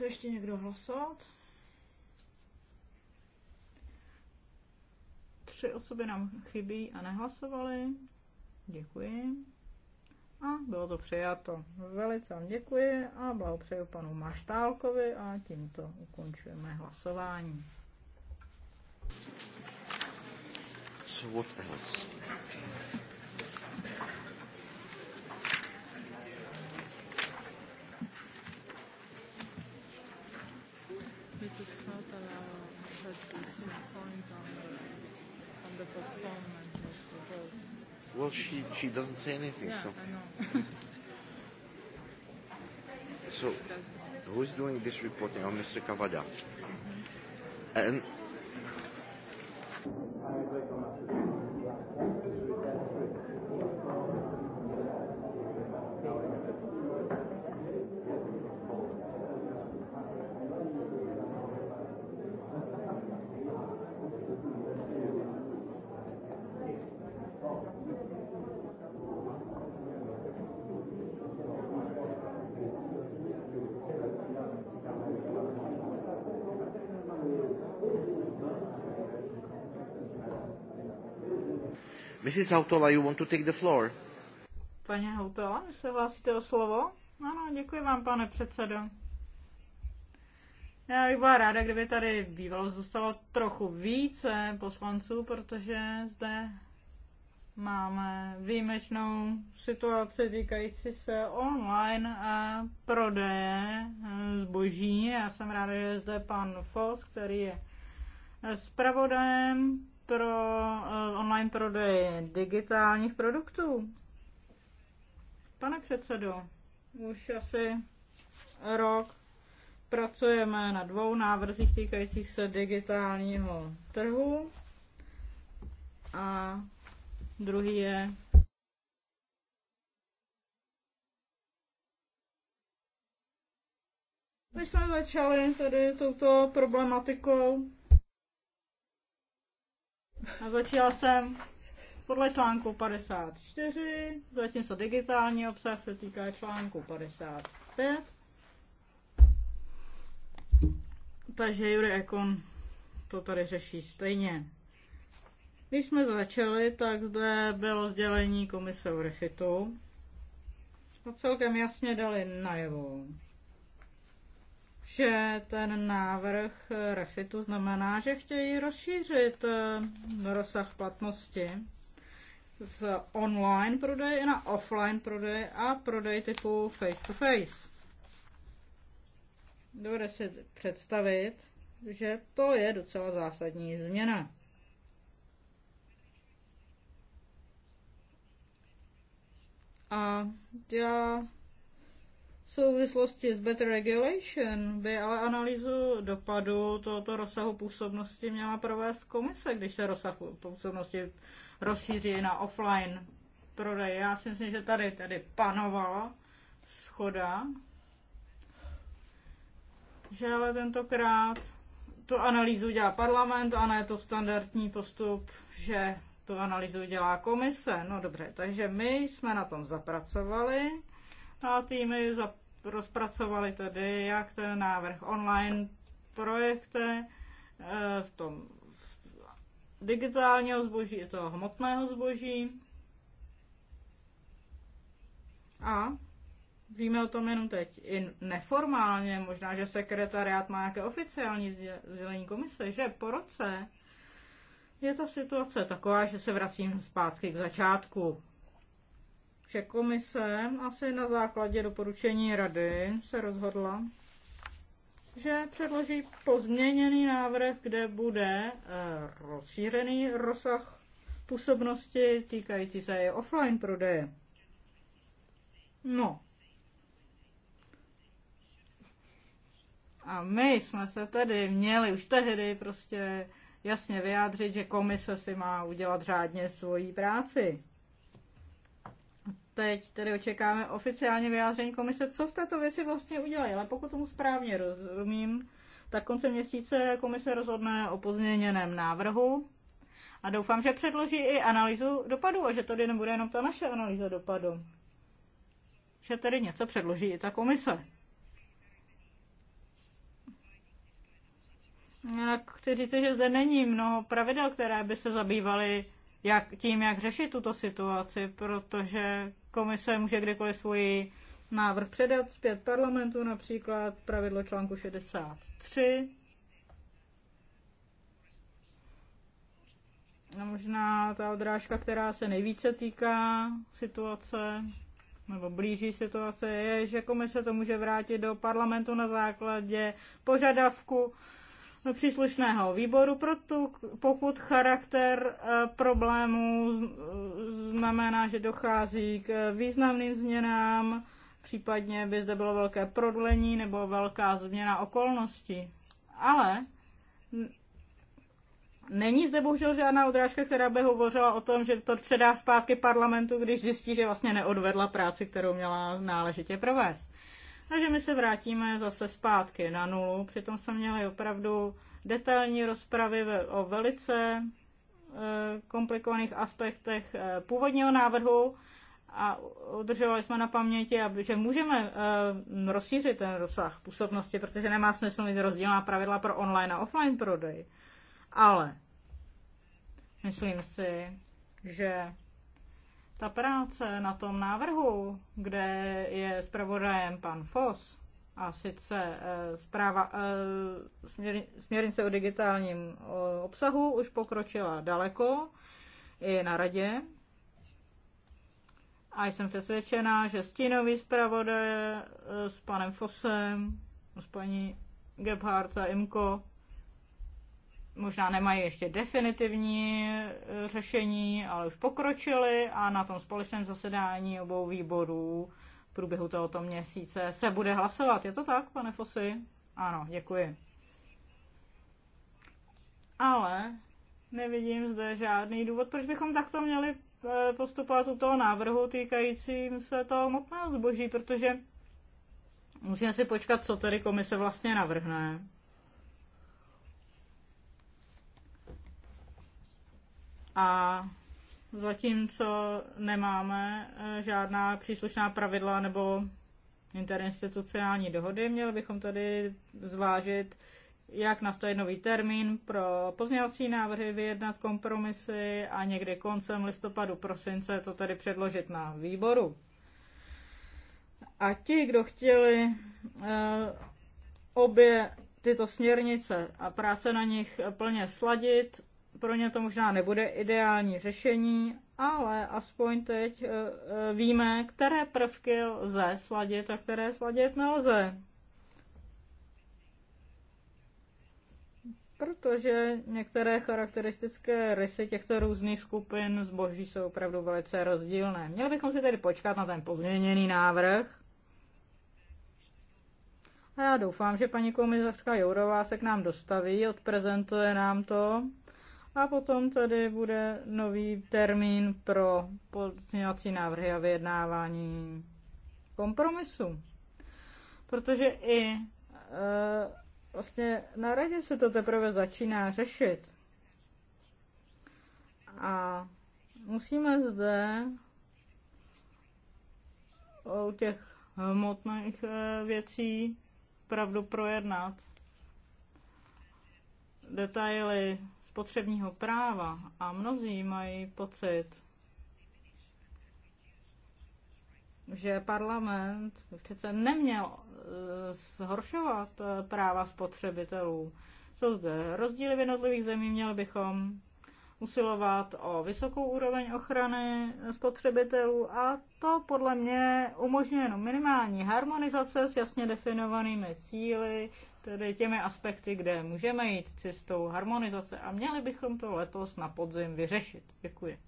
chce ještě někdo hlasovat? Tři osoby nám chybí a nehlasovali. Děkuji. A bylo to přijato. Velice vám děkuji a blahopřeju panu Maštálkovi a tímto ukončujeme hlasování. So what else? Well, she, she doesn't say anything, yeah, so. I know. so, who's doing this reporting? Oh, Mr. Cavada. And Mrs. Hautola, you want to take the floor? Paní Hautola, se hlásíte o slovo? Ano, děkuji vám, pane předsedo. Já bych byla ráda, kdyby tady bývalo zůstalo trochu více poslanců, protože zde máme výjimečnou situaci týkající se online a prodeje eh, zboží. Já jsem ráda, že je zde pan Fos, který je zpravodajem pro eh, online prodej digitálních produktů. Pane předsedo, už asi rok pracujeme na dvou návrzích týkajících se digitálního trhu a druhý je My jsme začali tady touto problematikou a začala jsem podle článku 54, zatímco digitální obsah se týká článku 55. Takže Jury Ekon to tady řeší stejně. Když jsme začali, tak zde bylo sdělení komise v refitu a celkem jasně dali najevo, že ten návrh refitu znamená, že chtějí rozšířit eh, rozsah platnosti z online prodeje na offline prodej a prodej typu face-to-face. -face. Dovede si představit, že to je docela zásadní změna. A já souvislosti s better regulation by ale analýzu dopadu tohoto rozsahu působnosti měla provést komise, když se rozsah působnosti rozšíří na offline prodej. Já si myslím, že tady, tady panovala schoda, že ale tentokrát tu analýzu dělá parlament a ne to standardní postup, že tu analýzu dělá komise. No dobře, takže my jsme na tom zapracovali a týmy za rozpracovali tedy jak ten návrh online projekte, eh, v tom digitálního zboží i toho hmotného zboží. A víme o tom jenom teď i neformálně, možná, že sekretariát má nějaké oficiální sdělení komise, že po roce je ta situace taková, že se vracím zpátky k začátku že komise asi na základě doporučení rady se rozhodla, že předloží pozměněný návrh, kde bude eh, rozšířený rozsah působnosti týkající se i offline prodeje. No. A my jsme se tedy měli už tehdy prostě jasně vyjádřit, že komise si má udělat řádně svoji práci. Teď tedy očekáme oficiálně vyjádření komise, co v této věci vlastně udělají, ale pokud tomu správně rozumím, tak koncem měsíce komise rozhodne o pozměněném návrhu a doufám, že předloží i analýzu dopadu a že tady nebude jenom ta naše analýza dopadu. Že tedy něco předloží i ta komise. Jinak chci říct, že zde není mnoho pravidel, které by se zabývaly jak, tím, jak řešit tuto situaci, protože komise může kdykoliv svůj návrh předat zpět parlamentu, například pravidlo článku 63. A možná ta odrážka, která se nejvíce týká situace, nebo blíží situace, je, že komise to může vrátit do parlamentu na základě požadavku příslušného výboru, proto pokud charakter eh, problému znamená, že dochází k významným změnám, případně by zde bylo velké prodlení nebo velká změna okolností. Ale není zde bohužel žádná odrážka, která by hovořila o tom, že to předá zpátky parlamentu, když zjistí, že vlastně neodvedla práci, kterou měla náležitě provést. Takže my se vrátíme zase zpátky na nulu. Přitom jsme měli opravdu detailní rozpravy o velice eh, komplikovaných aspektech eh, původního návrhu a udržovali jsme na paměti, že můžeme eh, rozšířit ten rozsah působnosti, protože nemá smysl mít rozdílná pravidla pro online a offline prodej. Ale myslím si, že ta práce na tom návrhu, kde je zpravodajem pan Fos, a sice eh, zpráva, eh, směr, směrnice o digitálním eh, obsahu už pokročila daleko i na radě. A jsem přesvědčená, že stínový zpravodaj s panem Fosem, s paní Gebhardt a Imko možná nemají ještě definitivní eh, řešení, ale už pokročili a na tom společném zasedání obou výborů v průběhu tohoto měsíce se bude hlasovat. Je to tak, pane Fosy? Ano, děkuji. Ale nevidím zde žádný důvod, proč bychom takto měli eh, postupovat u toho návrhu týkajícím se toho motného zboží, protože musíme si počkat, co tedy komise vlastně navrhne A zatímco nemáme e, žádná příslušná pravidla nebo interinstitucionální dohody, měli bychom tady zvážit, jak nastavit nový termín pro pozměňovací návrhy, vyjednat kompromisy a někdy koncem listopadu, prosince to tady předložit na výboru. A ti, kdo chtěli e, obě tyto směrnice a práce na nich plně sladit, pro ně to možná nebude ideální řešení, ale aspoň teď eh, eh, víme, které prvky lze sladit a které sladit nelze. Protože některé charakteristické rysy těchto různých skupin zboží jsou opravdu velice rozdílné. Měli bychom si tedy počkat na ten pozměněný návrh. A já doufám, že paní komisařka Jourová se k nám dostaví, odprezentuje nám to. A potom tady bude nový termín pro pozměňovací návrhy a vyjednávání kompromisu. Protože i e, vlastně na radě se to teprve začíná řešit. A musíme zde o těch hmotných e, věcí pravdu projednat. Detaily spotřebního práva a mnozí mají pocit, že parlament přece neměl e, zhoršovat e, práva spotřebitelů. Jsou zde rozdíly v jednotlivých zemích, měli bychom usilovat o vysokou úroveň ochrany spotřebitelů a to podle mě umožňuje jenom minimální harmonizace s jasně definovanými cíly tedy těmi aspekty, kde můžeme jít cestou harmonizace a měli bychom to letos na podzim vyřešit. Děkuji.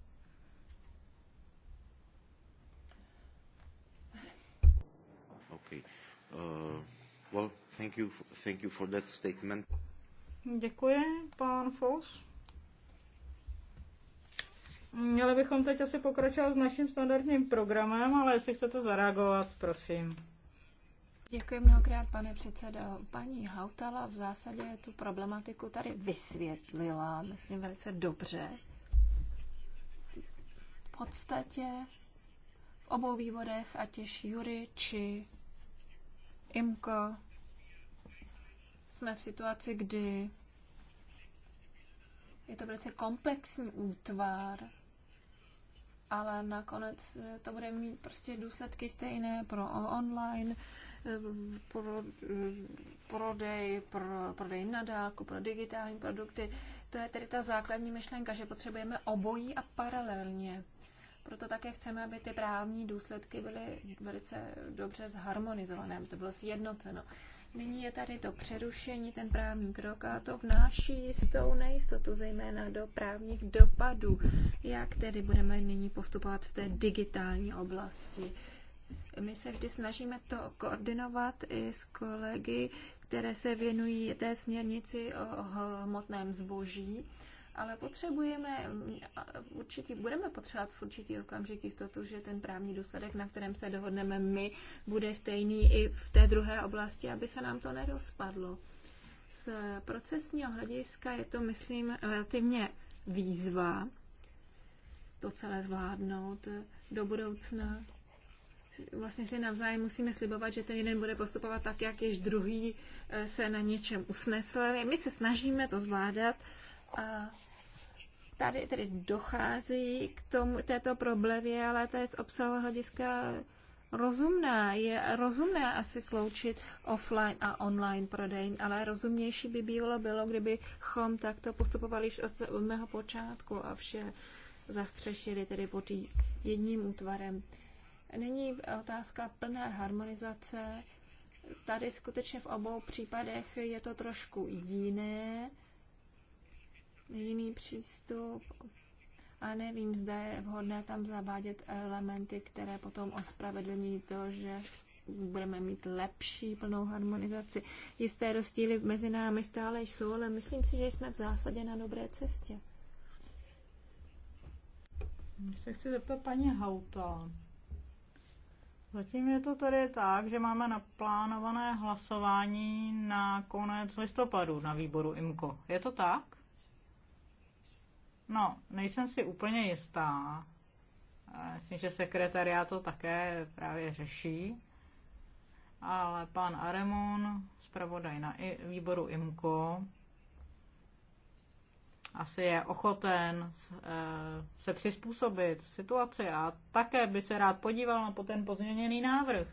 Okay. Uh, well, thank you, thank you for that statement. Děkuji, pan Fos. Měli bychom teď asi pokračovat s naším standardním programem, ale jestli chcete zareagovat, prosím. Děkuji mnohokrát, pane předsedo. Paní Hautala v zásadě tu problematiku tady vysvětlila, myslím, velice dobře. V podstatě v obou výborech, ať již Jury či Imko, jsme v situaci, kdy je to velice komplexní útvar, ale nakonec to bude mít prostě důsledky stejné pro online pro, prodej, pro, prodej na dálku, pro digitální produkty. To je tedy ta základní myšlenka, že potřebujeme obojí a paralelně. Proto také chceme, aby ty právní důsledky byly velice dobře zharmonizované, aby to bylo sjednoceno. Nyní je tady to přerušení, ten právní krok a to vnáší jistou nejistotu, zejména do právních dopadů, jak tedy budeme nyní postupovat v té digitální oblasti my se vždy snažíme to koordinovat i s kolegy, které se věnují té směrnici o hmotném zboží, ale potřebujeme, určitý, budeme potřebovat v určitý okamžik jistotu, že ten právní důsledek, na kterém se dohodneme my, bude stejný i v té druhé oblasti, aby se nám to nerozpadlo. Z procesního hlediska je to, myslím, relativně výzva to celé zvládnout do budoucna vlastně si navzájem musíme slibovat, že ten jeden bude postupovat tak, jak již druhý eh, se na něčem usnesl. My se snažíme to zvládat a tady tedy dochází k tomu, této problémě, ale to je z obsahu hlediska Rozumná Je rozumné asi sloučit offline a online prodej, ale rozumnější by bývalo bylo, kdybychom takto postupovali od mého počátku a vše zastřešili tedy pod jedním útvarem. Není otázka plné harmonizace. Tady skutečně v obou případech je to trošku jiné, jiný přístup. A nevím, zda je vhodné tam zavádět elementy, které potom ospravedlní to, že budeme mít lepší plnou harmonizaci. Jisté rozdíly mezi námi stále jsou, ale myslím si, že jsme v zásadě na dobré cestě. Se chci zeptat paní Hauta. Zatím je to tedy tak, že máme naplánované hlasování na konec listopadu na výboru IMKO. Je to tak? No, nejsem si úplně jistá. Myslím, že sekretariát to také právě řeší. Ale pan Aremon, zpravodaj na výboru IMKO, asi je ochoten eh, se přizpůsobit situaci a také by se rád podíval na ten pozměněný návrh.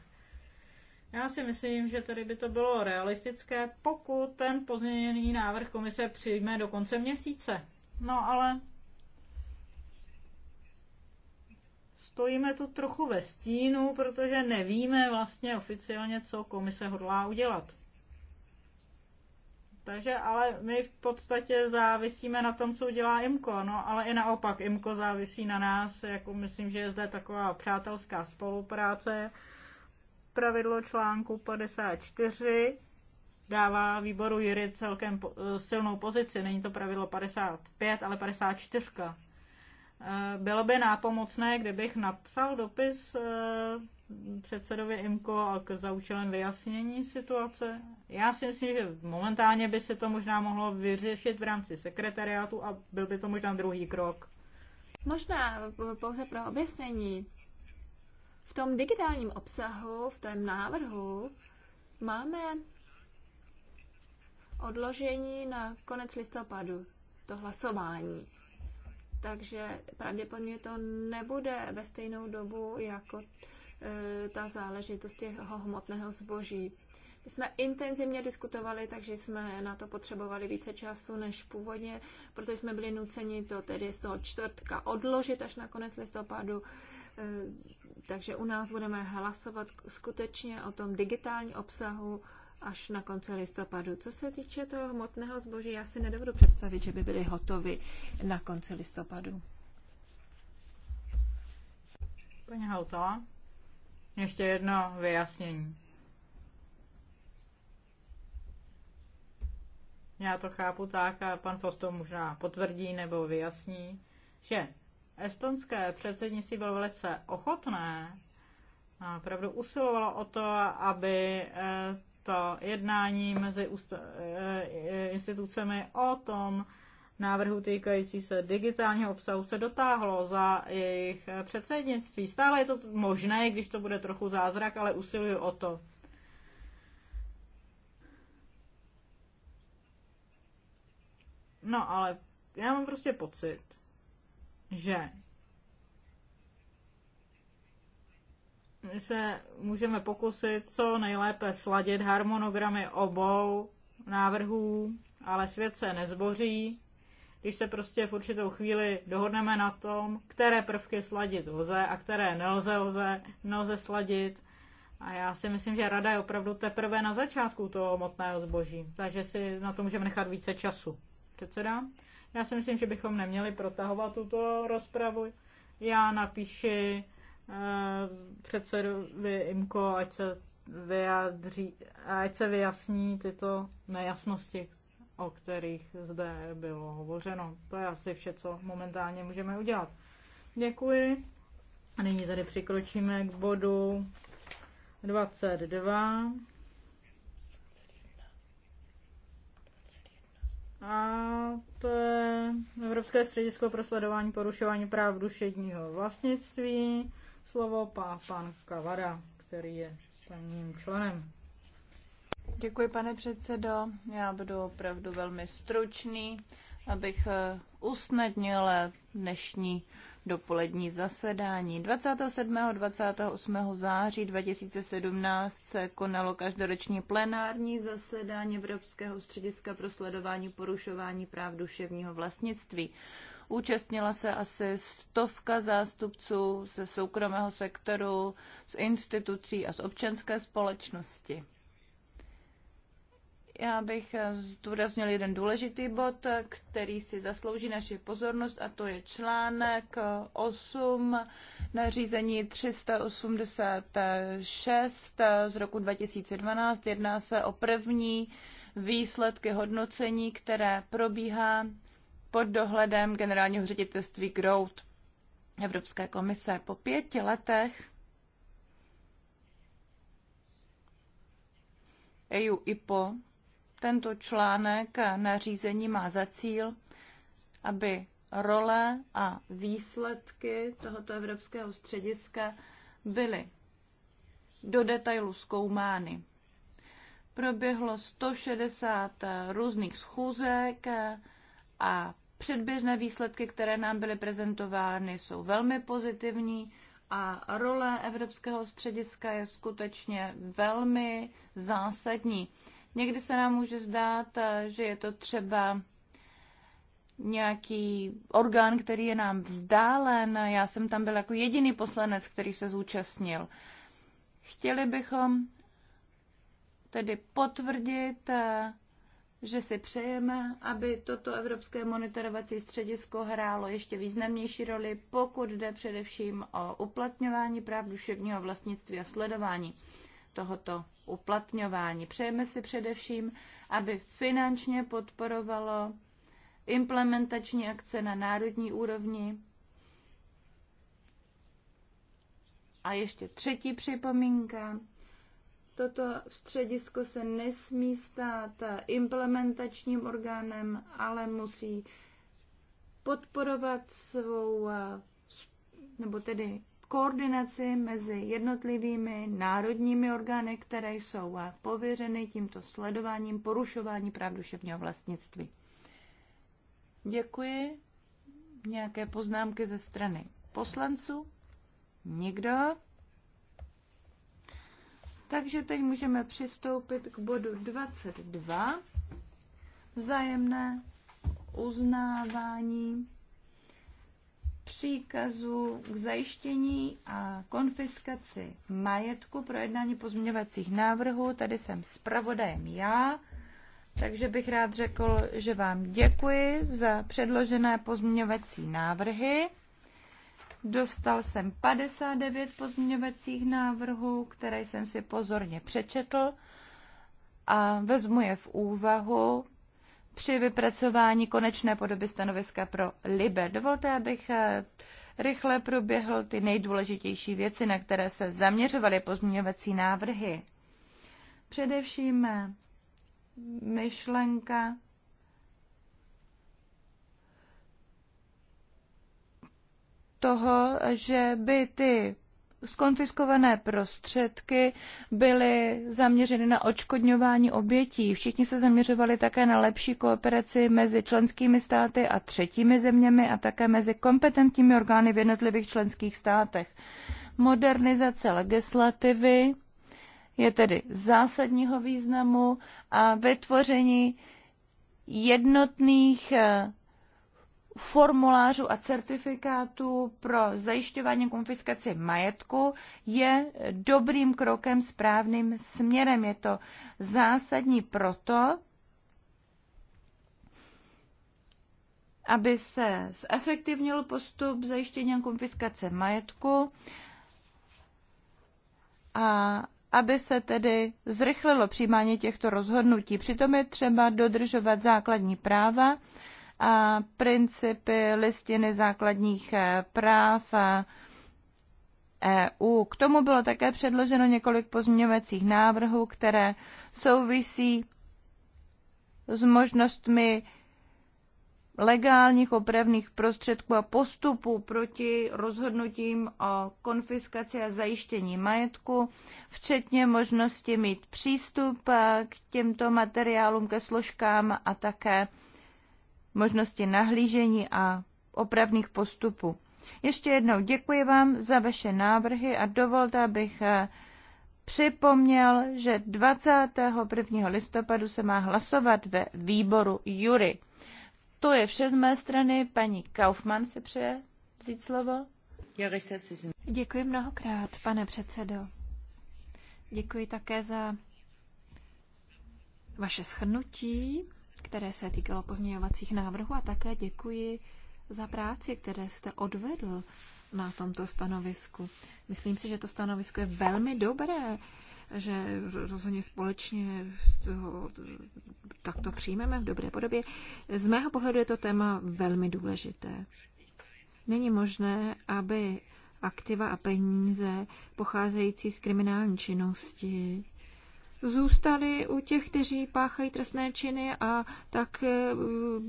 Já si myslím, že tady by to bylo realistické, pokud ten pozměněný návrh komise přijme do konce měsíce. No ale stojíme tu trochu ve stínu, protože nevíme vlastně oficiálně, co komise hodlá udělat. Takže ale my v podstatě závisíme na tom, co udělá IMKO, no ale i naopak IMKO závisí na nás, jako myslím, že je zde taková přátelská spolupráce. Pravidlo článku 54 dává výboru Jiri celkem silnou pozici, není to pravidlo 55, ale 54. Eh, bylo by nápomocné, kdybych napsal dopis eh, předsedovi IMKO a k za účelem vyjasnění situace. Já si myslím, že momentálně by se to možná mohlo vyřešit v rámci sekretariátu a byl by to možná druhý krok. Možná eh, pouze pro objasnění. V tom digitálním obsahu, v tom návrhu, máme odložení na konec listopadu, to hlasování takže pravděpodobně to nebude ve stejnou dobu jako e, ta záležitost těho hmotného zboží. My jsme intenzivně diskutovali, takže jsme na to potřebovali více času než původně, protože jsme byli nuceni to tedy z toho čtvrtka odložit až na konec listopadu. E, takže u nás budeme hlasovat skutečně o tom digitální obsahu až na konci listopadu. Co se týče toho hmotného zboží, já si nedovedu představit, že by byly hotovy na konci listopadu. Paní Hautala, ještě jedno vyjasnění. Já to chápu tak a pan Fosto možná potvrdí nebo vyjasní, že estonské předsednictví bylo velice ochotné a opravdu usilovalo o to, aby eh, to jednání mezi eh, institucemi o tom návrhu týkající se digitálního obsahu se dotáhlo za jejich předsednictví. Stále je to možné, když to bude trochu zázrak, ale usiluju o to. No ale já mám prostě pocit, že se můžeme pokusit co nejlépe sladit harmonogramy obou návrhů, ale svět se nezboří, když se prostě v určitou chvíli dohodneme na tom, které prvky sladit lze a které nelze, lze, nelze sladit. A já si myslím, že rada je opravdu teprve na začátku toho hmotného zboží, takže si na to můžeme nechat více času. Předseda, já si myslím, že bychom neměli protahovat tuto rozpravu. Já napíši Eh, předsedovi IMKO, ať se vyjádří, ať se vyjasní tyto nejasnosti, o kterých zde bylo hovořeno. To je asi vše, co momentálně můžeme udělat. Děkuji. A nyní tady přikročíme k bodu 22. A to je Evropské středisko pro sledování porušování práv duševního vlastnictví slovo pá, pan Kavada, který je tamním členem. Děkuji, pane předsedo. Já budu opravdu velmi stručný, abych eh, usnadnil dnešní dopolední zasedání. 27. a 28. září 2017 se konalo každoroční plenární zasedání Evropského střediska pro sledování porušování práv duševního vlastnictví. Účastnila se asi stovka zástupců ze soukromého sektoru, z institucí a z občanské společnosti. Já bych zdůraznil jeden důležitý bod, který si zaslouží naši pozornost, a to je článek 8 nařízení 386 z roku 2012. Jedná se o první výsledky hodnocení, které probíhá pod dohledem generálního ředitelství Growth Evropské komise. Po pěti letech EU IPO tento článek nařízení má za cíl, aby role a výsledky tohoto evropského střediska byly do detailu zkoumány. Proběhlo 160 různých schůzek a Předběžné výsledky, které nám byly prezentovány, jsou velmi pozitivní a role Evropského střediska je skutečně velmi zásadní. Někdy se nám může zdát, že je to třeba nějaký orgán, který je nám vzdálen. Já jsem tam byl jako jediný poslanec, který se zúčastnil. Chtěli bychom tedy potvrdit že si přejeme, aby toto Evropské monitorovací středisko hrálo ještě významnější roli, pokud jde především o uplatňování práv duševního vlastnictví a sledování tohoto uplatňování. Přejeme si především, aby finančně podporovalo implementační akce na národní úrovni. A ještě třetí připomínka Toto středisko se nesmí stát implementačním orgánem, ale musí podporovat svou, eh, nebo tedy koordinaci mezi jednotlivými národními orgány, které jsou eh, pověřeny tímto sledováním porušování práv duševního vlastnictví. Děkuji. Nějaké poznámky ze strany poslanců? Nikdo? Takže teď můžeme přistoupit k bodu 22. Vzájemné uznávání příkazu k zajištění a konfiskaci majetku pro jednání pozměňovacích návrhů. Tady jsem zpravodajem já, takže bych rád řekl, že vám děkuji za předložené pozměňovací návrhy. Dostal jsem 59 pozměňovacích návrhů, které jsem si pozorně přečetl a vezmu je v úvahu při vypracování konečné podoby stanoviska pro Libe. Dovolte, abych eh, rychle proběhl ty nejdůležitější věci, na které se zaměřovaly pozměňovací návrhy. Především eh, myšlenka toho, že by ty skonfiskované prostředky byly zaměřeny na odškodňování obětí. Všichni se zaměřovali také na lepší kooperaci mezi členskými státy a třetími zeměmi a také mezi kompetentními orgány v jednotlivých členských státech. Modernizace legislativy je tedy zásadního významu a vytvoření jednotných eh, formulářů a certifikátů pro zajišťování konfiskace majetku je dobrým krokem správným směrem. Je to zásadní proto, aby se zefektivnil postup zajištění konfiskace majetku a aby se tedy zrychlilo přijímání těchto rozhodnutí. Přitom je třeba dodržovat základní práva, a principy listiny základních eh, práv EU. Eh, e k tomu bylo také předloženo několik pozměňovacích návrhů, které souvisí s možnostmi legálních opravných prostředků a postupů proti rozhodnutím o konfiskaci a zajištění majetku, včetně možnosti mít přístup eh, k těmto materiálům, ke složkám a také možnosti nahlížení a opravných postupů. Ještě jednou děkuji vám za vaše návrhy a dovolte, abych eh, připomněl, že 21. listopadu se má hlasovat ve výboru Jury. To je vše z mé strany. Paní Kaufmann si přeje vzít slovo. Děkuji mnohokrát, pane předsedo. Děkuji také za vaše shrnutí které se týkalo pozměňovacích návrhů a také děkuji za práci, které jste odvedl na tomto stanovisku. Myslím si, že to stanovisko je velmi dobré, že rozhodně společně ho takto přijmeme v dobré podobě. Z mého pohledu je to téma velmi důležité. Není možné, aby aktiva a peníze pocházející z kriminální činnosti zůstali u těch, kteří páchají trestné činy a tak eh,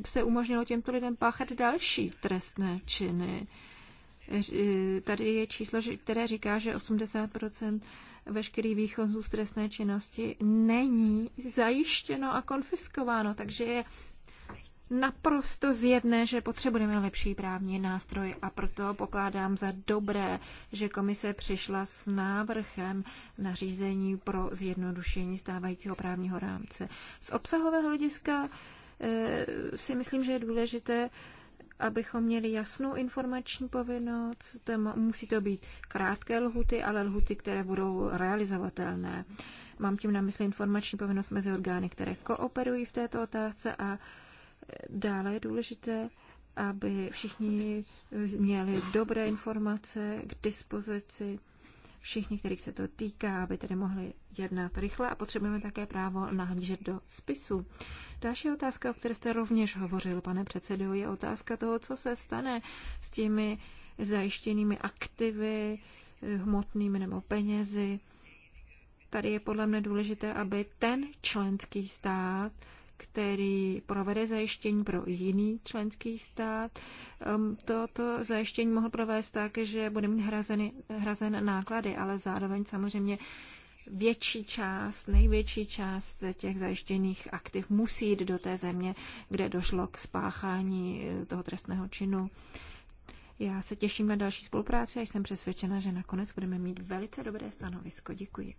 se umožnilo těmto lidem páchat další trestné činy. Eh, tady je číslo, které říká, že 80 veškerý výchozů z trestné činnosti není zajištěno a konfiskováno, takže je naprosto zjevné, že potřebujeme lepší právní nástroj a proto pokládám za dobré, že komise přišla s návrhem nařízení pro zjednodušení stávajícího právního rámce. Z obsahového hlediska e, si myslím, že je důležité, abychom měli jasnou informační povinnost. Tam musí to být krátké lhuty, ale lhuty, které budou realizovatelné. Mám tím na mysli informační povinnost mezi orgány, které kooperují v této otázce a Dále je důležité, aby všichni měli dobré informace k dispozici, všichni, kterých se to týká, aby tedy mohli jednat rychle a potřebujeme také právo nahlížet do spisu. Další otázka, o které jste rovněž hovořil, pane předsedo, je otázka toho, co se stane s těmi zajištěnými aktivy, hmotnými nebo penězi. Tady je podle mne důležité, aby ten členský stát, který provede zajištění pro jiný členský stát. Ehm, toto zajištění mohl provést tak, že bude mít hrazeny, hrazen náklady, ale zároveň samozřejmě větší část, největší část těch zajištěných aktiv musí jít do té země, kde došlo k spáchání eh, toho trestného činu. Já se těším na další spolupráci a jsem přesvědčena, že nakonec budeme mít velice dobré stanovisko. Děkuji.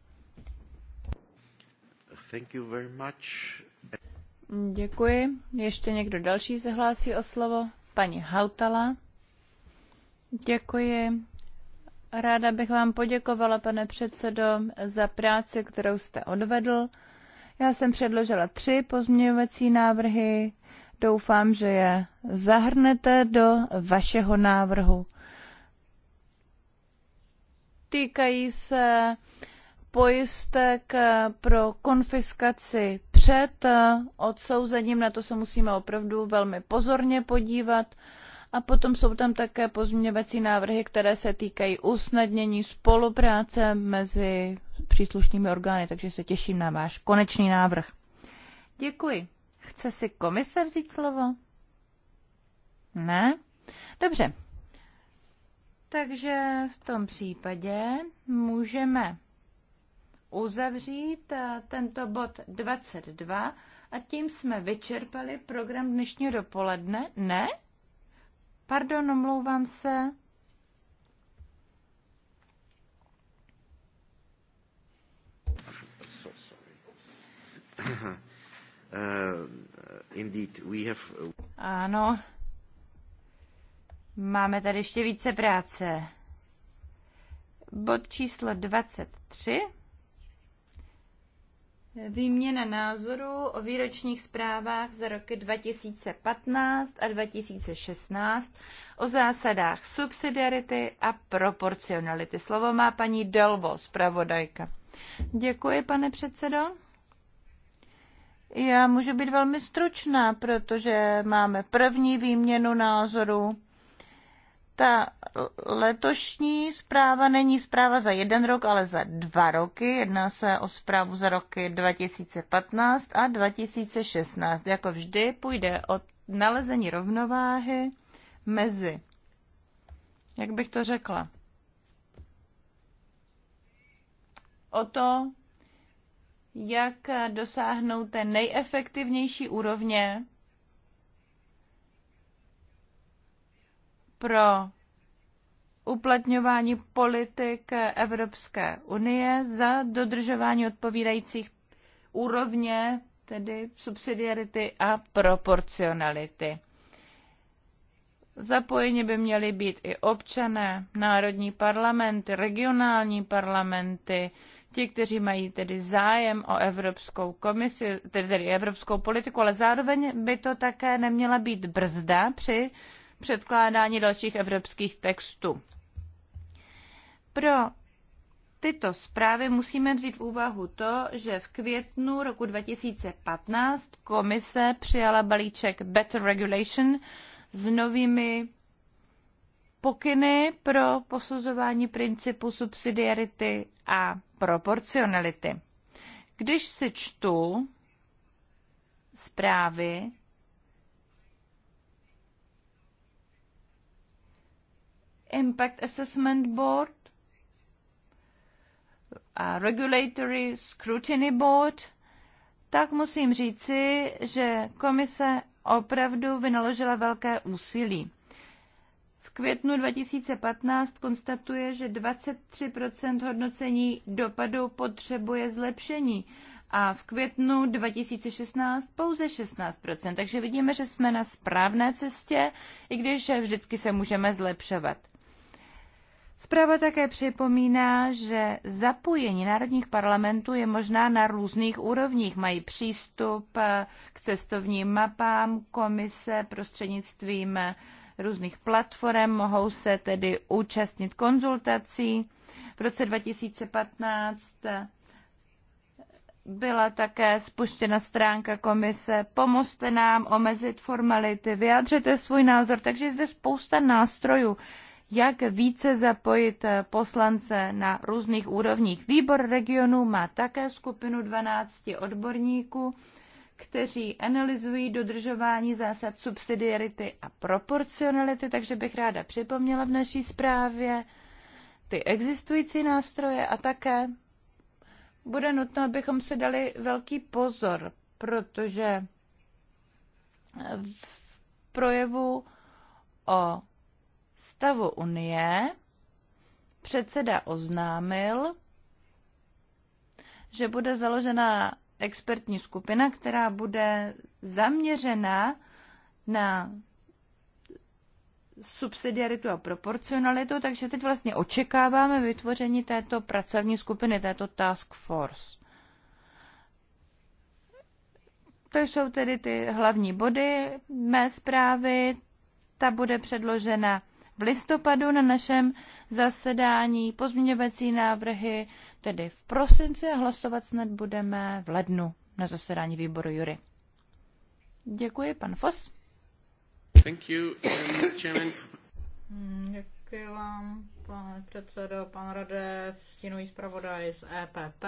Thank you very much. Děkuji. Ještě někdo další se hlásí o slovo? Paní Hautala. Děkuji. Ráda bych vám poděkovala, pane předsedo, za práci, kterou jste odvedl. Já jsem předložila tři pozměňovací návrhy. Doufám, že je zahrnete do vašeho návrhu. Týkají se pojistek pro konfiskaci před eh, odsouzením, na to se musíme opravdu velmi pozorně podívat. A potom jsou tam také pozměňovací návrhy, které se týkají usnadnění spolupráce mezi příslušnými orgány, takže se těším na váš konečný návrh. Děkuji. Chce si komise vzít slovo? Ne? Dobře. Takže v tom případě můžeme uzavřít eh, tento bod 22 a tím jsme vyčerpali program dnešního dopoledne. Ne? Pardon, omlouvám se. Uh, indeed, we have... Uh, ano, máme tady ještě více práce. Bod číslo 23. Výměna názorů o výročních zprávách za roky 2015 a 2016 o zásadách subsidiarity a proporcionality. Slovo má paní Delvo, zpravodajka. Děkuji, pane předsedo. Já můžu být velmi stručná, protože máme první výměnu názorů ta letošní zpráva není zpráva za jeden rok, ale za dva roky. Jedná se o zprávu za roky 2015 a 2016. Jako vždy půjde o nalezení rovnováhy mezi, jak bych to řekla, o to, jak dosáhnout té nejefektivnější úrovně pro uplatňování politik Evropské unie za dodržování odpovídajících úrovně, tedy subsidiarity a proporcionality. Zapojeni by měly být i občané, národní parlamenty, regionální parlamenty, ti, kteří mají tedy zájem o Evropskou komisi, tedy, tedy evropskou politiku, ale zároveň by to také neměla být brzda při předkládání dalších evropských textů. Pro tyto zprávy musíme vzít v úvahu to, že v květnu roku 2015 komise přijala balíček Better Regulation s novými pokyny pro posuzování principu subsidiarity a proporcionality. Když si čtu zprávy Impact Assessment Board a Regulatory Scrutiny Board, tak musím říci, že komise opravdu vynaložila velké úsilí. V květnu 2015 konstatuje, že 23 hodnocení dopadu potřebuje zlepšení a v květnu 2016 pouze 16 Takže vidíme, že jsme na správné cestě, i když vždycky se můžeme zlepšovat. Zpráva také připomíná, že zapojení národních parlamentů je možná na různých úrovních. Mají přístup eh, k cestovním mapám, komise prostřednictvím eh, různých platform, mohou se tedy účastnit konzultací. V roce 2015 eh, byla také spuštěna stránka komise Pomozte nám omezit formality, vyjádřete svůj názor, takže je zde spousta nástrojů, jak více zapojit eh, poslance na různých úrovních. Výbor regionu má také skupinu 12 odborníků, kteří analyzují dodržování zásad subsidiarity a proporcionality, takže bych ráda připomněla v naší zprávě ty existující nástroje a také bude nutno, abychom si dali velký pozor, protože v projevu o stavu Unie předseda oznámil, že bude založena expertní skupina, která bude zaměřena na subsidiaritu a proporcionalitu, takže teď vlastně očekáváme vytvoření této pracovní skupiny, této task force. To jsou tedy ty hlavní body mé zprávy. Ta bude předložena v listopadu na našem zasedání, pozměňovací návrhy tedy v prosinci a hlasovat snad budeme v lednu na zasedání výboru Jury. Děkuji, pan Fos. Thank you, um, chairman. Děkuji vám, pane předsedo, pan Rade, stínový zpravodaj z EPP.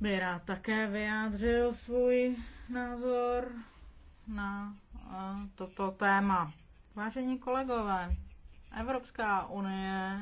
By rád také vyjádřil svůj názor na eh, toto téma. Vážení kolegové, Evropská unie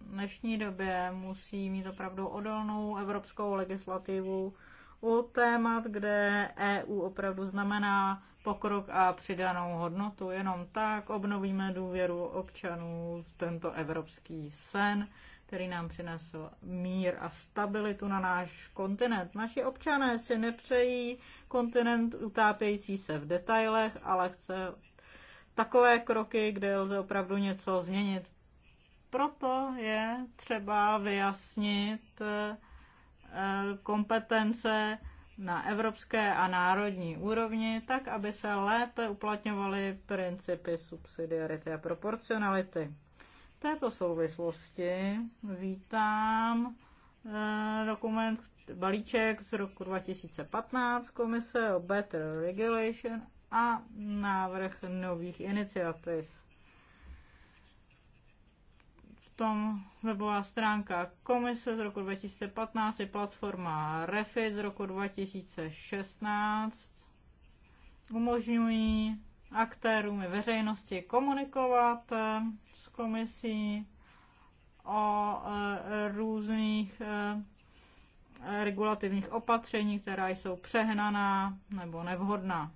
v dnešní době musí mít opravdu odolnou evropskou legislativu u témat, kde EU opravdu znamená pokrok a přidanou hodnotu. Jenom tak obnovíme důvěru občanů v tento evropský sen, který nám přinesl mír a stabilitu na náš kontinent. Naši občané si nepřejí kontinent utápějící se v detailech, ale chce takové kroky, kde lze opravdu něco změnit. Proto je třeba vyjasnit eh, kompetence na evropské a národní úrovni, tak aby se lépe uplatňovaly principy subsidiarity a proporcionality. V této souvislosti vítám eh, dokument balíček z roku 2015 Komise o Better Regulation a návrh nových iniciativ. V tom webová stránka Komise z roku 2015 je platforma Refit z roku 2016 umožňují aktérům i veřejnosti komunikovat s komisí o e, různých e, regulativních opatření, která jsou přehnaná nebo nevhodná.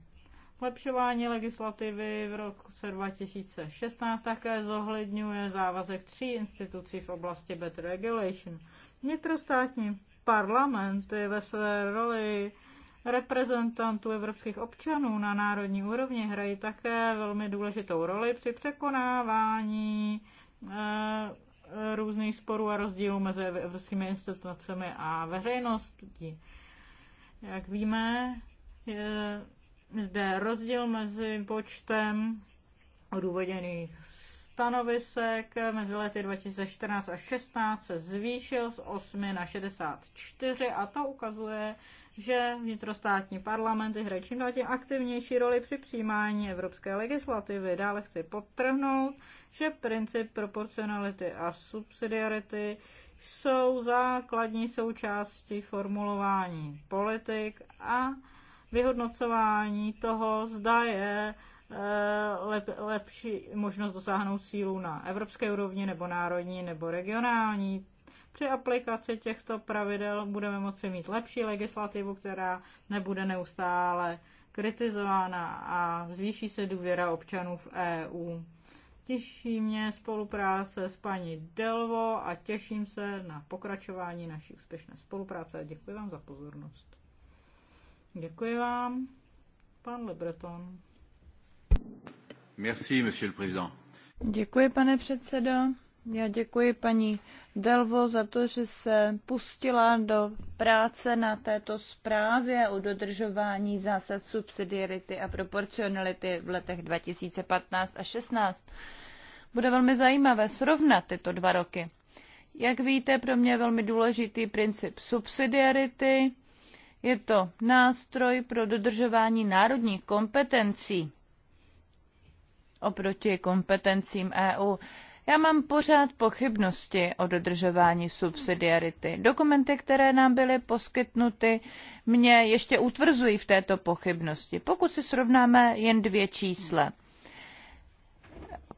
Lepšování legislativy v roce 2016 také zohledňuje závazek tří institucí v oblasti Better Regulation. Vnitrostátní je ve své roli reprezentantů evropských občanů na národní úrovni hrají také velmi důležitou roli při překonávání e, různých sporů a rozdílů mezi evropskými institucemi a veřejností. Jak víme, je, zde rozdíl mezi počtem odůvodněných stanovisek mezi lety 2014 a 16 se zvýšil z 8 na 64 a to ukazuje, že vnitrostátní parlamenty hrají čím dál tím aktivnější roli při přijímání evropské legislativy. Dále chci podtrhnout, že princip proporcionality a subsidiarity jsou základní součástí formulování politik a vyhodnocování toho, zda je e, lep, lepší možnost dosáhnout sílu na evropské úrovni nebo národní nebo regionální. Při aplikaci těchto pravidel budeme moci mít lepší legislativu, která nebude neustále kritizována a zvýší se důvěra občanů v EU. Těší mě spolupráce s paní Delvo a těším se na pokračování naší úspěšné spolupráce. Děkuji vám za pozornost. Děkuji vám. Pan Lebreton. Merci, monsieur le président. Děkuji, pane předsedo. Já děkuji paní Delvo za to, že se pustila do práce na této zprávě o dodržování zásad subsidiarity a proporcionality v letech 2015 a 2016. Bude velmi zajímavé srovnat tyto dva roky. Jak víte, pro mě je velmi důležitý princip subsidiarity, je to nástroj pro dodržování národních kompetencí oproti kompetencím EU. Já mám pořád pochybnosti o dodržování subsidiarity. Dokumenty, které nám byly poskytnuty, mě ještě utvrzují v této pochybnosti. Pokud si srovnáme jen dvě čísla.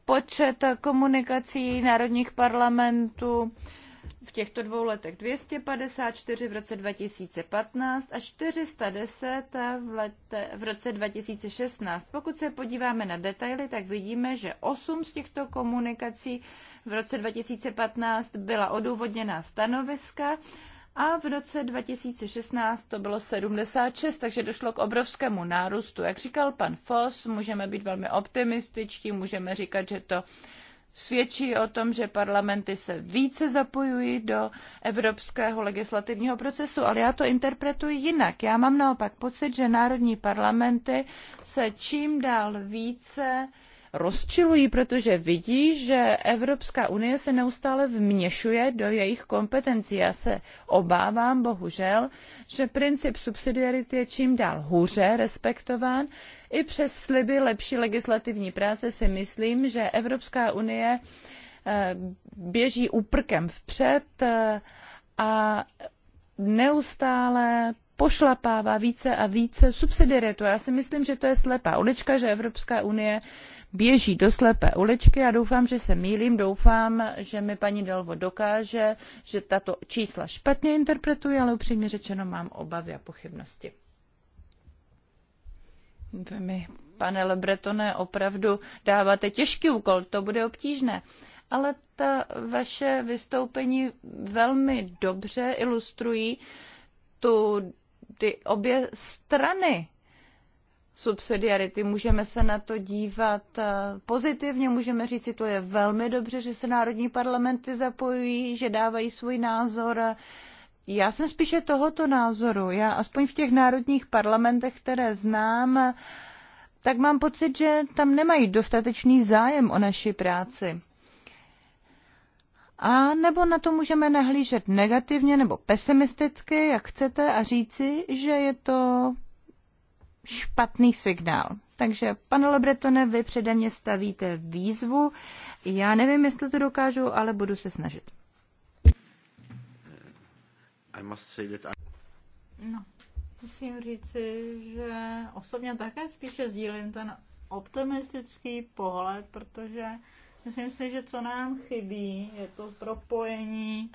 Počet komunikací národních parlamentů v těchto dvou letech 254 v roce 2015 a 410 v, lete, v roce 2016. Pokud se podíváme na detaily, tak vidíme, že 8 z těchto komunikací v roce 2015 byla odůvodněná stanoviska a v roce 2016 to bylo 76, takže došlo k obrovskému nárůstu. Jak říkal pan Foss, můžeme být velmi optimističtí, můžeme říkat, že to svědčí o tom, že parlamenty se více zapojují do evropského legislativního procesu, ale já to interpretuji jinak. Já mám naopak pocit, že národní parlamenty se čím dál více rozčilují, protože vidí, že Evropská unie se neustále vměšuje do jejich kompetencí. Já se obávám, bohužel, že princip subsidiarity je čím dál hůře respektován i přes sliby lepší legislativní práce si myslím, že Evropská unie eh, běží úprkem vpřed eh, a neustále pošlapává více a více subsidiaritu. Já si myslím, že to je slepá ulička, že Evropská unie běží do slepé uličky a doufám, že se mýlím, doufám, že mi paní Delvo dokáže, že tato čísla špatně interpretuje, ale upřímně řečeno mám obavy a pochybnosti. Vy mi, pane Lebretone, opravdu dáváte těžký úkol, to bude obtížné. Ale ta vaše vystoupení velmi dobře ilustrují tu, ty obě strany subsidiarity. Můžeme se na to dívat eh, pozitivně, můžeme říct, že to je velmi dobře, že se národní parlamenty zapojují, že dávají svůj názor, já jsem spíše tohoto názoru. Já aspoň v těch národních parlamentech, které znám, tak mám pocit, že tam nemají dostatečný zájem o naši práci. A nebo na to můžeme nahlížet negativně nebo pesimisticky, jak chcete, a říci, že je to špatný signál. Takže, pane Lebretone, vy přede mě stavíte výzvu. Já nevím, jestli to dokážu, ale budu se snažit. I must say that I... No, musím říci, že osobně také spíše sdílím ten optimistický pohled, protože myslím si, že co nám chybí, je to propojení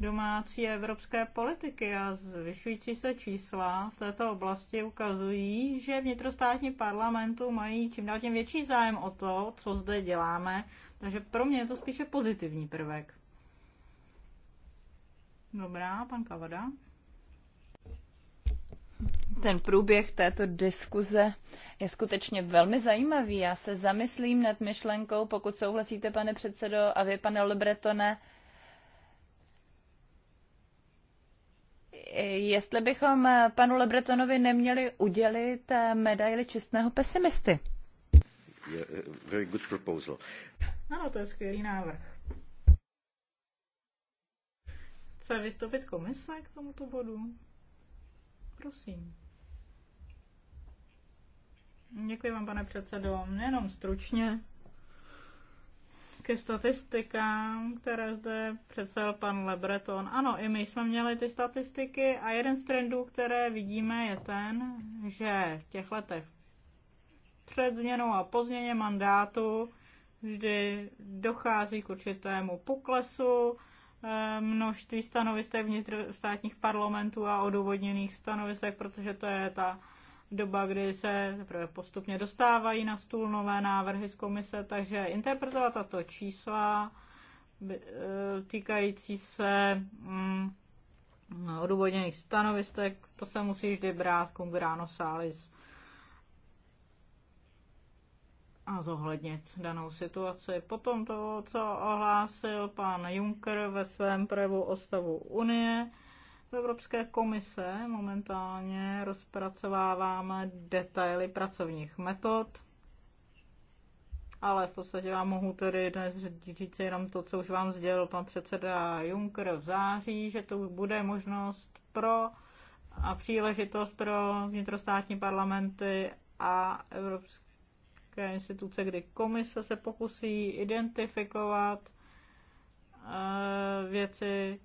domácí evropské politiky a zvyšující se čísla v této oblasti ukazují, že vnitrostátní parlamentu mají čím dál tím větší zájem o to, co zde děláme, takže pro mě je to spíše pozitivní prvek. Dobrá, pan Kavada. Ten průběh této diskuze je skutečně velmi zajímavý. Já se zamyslím nad myšlenkou, pokud souhlasíte, pane předsedo, a vy, pane Lebretone, jestli bychom panu Lebretonovi neměli udělit medaili čistného pesimisty. Uh, ano, to je skvělý návrh. Chce vystoupit komise k tomuto bodu? Prosím. Děkuji vám, pane předsedo. Jenom stručně ke statistikám, které zde představil pan Lebreton. Ano, i my jsme měli ty statistiky a jeden z trendů, které vidíme, je ten, že v těch letech před změnou a po změně mandátu vždy dochází k určitému poklesu množství stanovisek vnitrostátních parlamentů a odůvodněných stanovisek, protože to je ta doba, kdy se postupně dostávají na stůl nové návrhy z komise, takže interpretovat tato čísla e, týkající se mm, odůvodněných stanovisek, to se musí vždy brát cum grano salis. a zohlednit danou situaci. Potom to, co ohlásil pan Juncker ve svém projevu o stavu Unie, v Evropské komise momentálně rozpracováváme detaily pracovních metod, ale v podstatě vám mohu tedy dnes říct jenom to, co už vám sdělil pan předseda Juncker v září, že to bude možnost pro a příležitost pro vnitrostátní parlamenty a Evropské evropské instituce, kdy komise se pokusí identifikovat eh, věci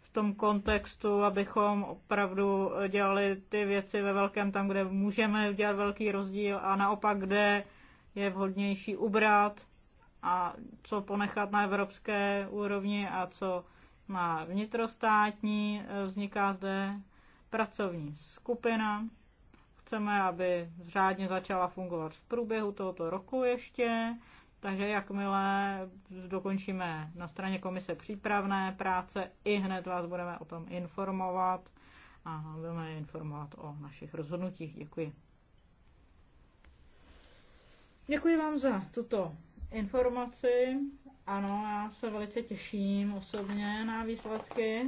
v tom kontextu, abychom opravdu dělali ty věci ve velkém tam, kde můžeme udělat velký rozdíl a naopak, kde je vhodnější ubrat a co ponechat na evropské úrovni a co na vnitrostátní. Eh, vzniká zde pracovní skupina chceme, aby řádně začala fungovat v průběhu tohoto roku ještě, takže jakmile dokončíme na straně komise přípravné práce, i hned vás budeme o tom informovat a budeme informovat o našich rozhodnutích. Děkuji. Děkuji vám za tuto informaci. Ano, já se velice těším osobně na výsledky.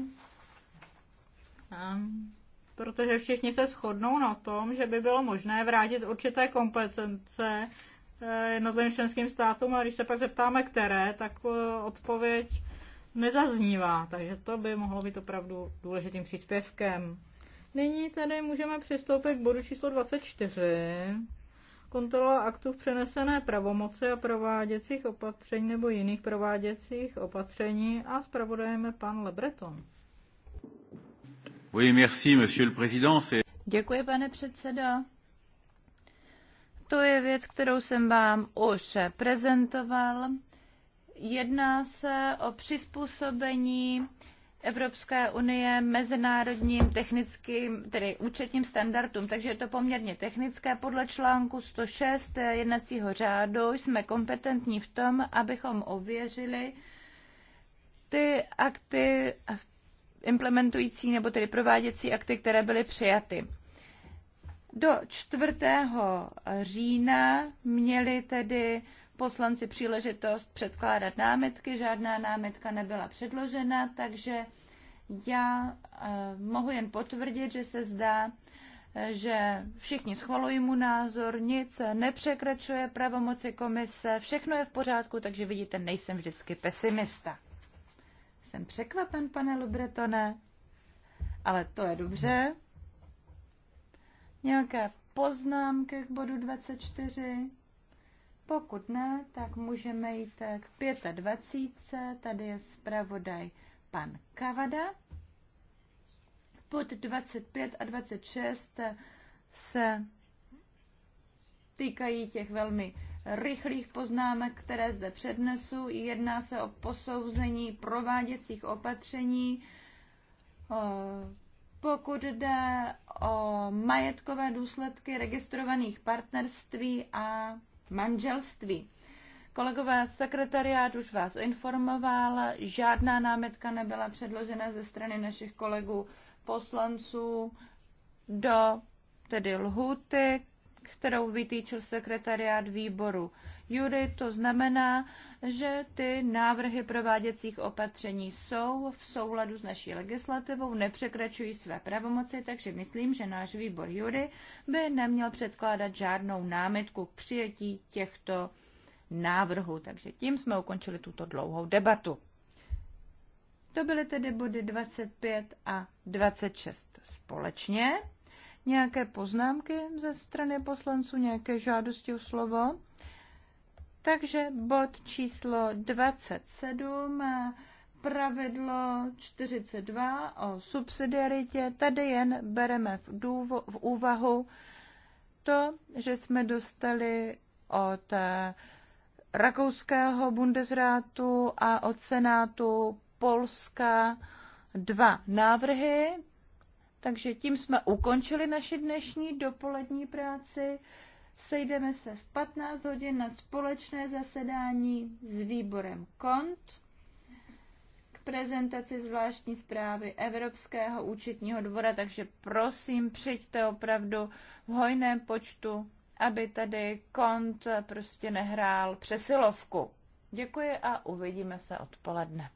Um, protože všichni se shodnou na tom, že by bylo možné vrátit určité kompetence eh, jednotlivým členským státům a když se pak zeptáme, které, tak eh, odpověď nezaznívá, takže to by mohlo být opravdu důležitým příspěvkem. Nyní tedy můžeme přistoupit k bodu číslo 24. Kontrola aktů v přenesené pravomoci a prováděcích opatření nebo jiných prováděcích opatření a zpravodajeme pan Lebreton. Oui, merci, monsieur le président. Děkuji, pane předsedo. To je věc, kterou jsem vám už prezentoval. Jedná se o přizpůsobení Evropské unie mezinárodním technickým, tedy účetním standardům, takže je to poměrně technické. Podle článku 106 jednacího řádu jsme kompetentní v tom, abychom ověřili ty akty v implementující nebo tedy prováděcí akty, které byly přijaty. Do 4. října měli tedy poslanci příležitost předkládat námitky, žádná námitka nebyla předložena, takže já eh, mohu jen potvrdit, že se zdá, že všichni schvalují mu názor, nic nepřekračuje pravomoci komise, všechno je v pořádku, takže vidíte, nejsem vždycky pesimista. Jsem překvapen, pane Lubretone, ale to je dobře. Nějaké poznámky k bodu 24? Pokud ne, tak můžeme jít k 25. Tady je zpravodaj pan Kavada. Pod 25 a 26 se týkají těch velmi rychlých poznámek, které zde přednesu. Jedná se o posouzení prováděcích opatření, pokud jde o majetkové důsledky registrovaných partnerství a manželství. Kolegové, sekretariát už vás informoval, žádná námitka nebyla předložena ze strany našich kolegů poslanců do tedy lhuty, kterou vytýčil sekretariát výboru. Jury to znamená, že ty návrhy prováděcích opatření jsou v souladu s naší legislativou, nepřekračují své pravomoci, takže myslím, že náš výbor Jury by neměl předkládat žádnou námitku k přijetí těchto návrhů. Takže tím jsme ukončili tuto dlouhou debatu. To byly tedy body 25 a 26 společně nějaké poznámky ze strany poslanců, nějaké žádosti o slovo. Takže bod číslo 27, pravidlo 42 o subsidiaritě, tady jen bereme v, důvo, v úvahu to, že jsme dostali od eh, rakouského Bundesrátu a od Senátu Polska dva návrhy takže tím jsme ukončili naši dnešní dopolední práci. Sejdeme se v 15 hodin na společné zasedání s výborem KONT k prezentaci zvláštní zprávy Evropského účetního dvora, takže prosím, přijďte opravdu v hojném počtu, aby tady KONT prostě nehrál přesilovku. Děkuji a uvidíme se odpoledne.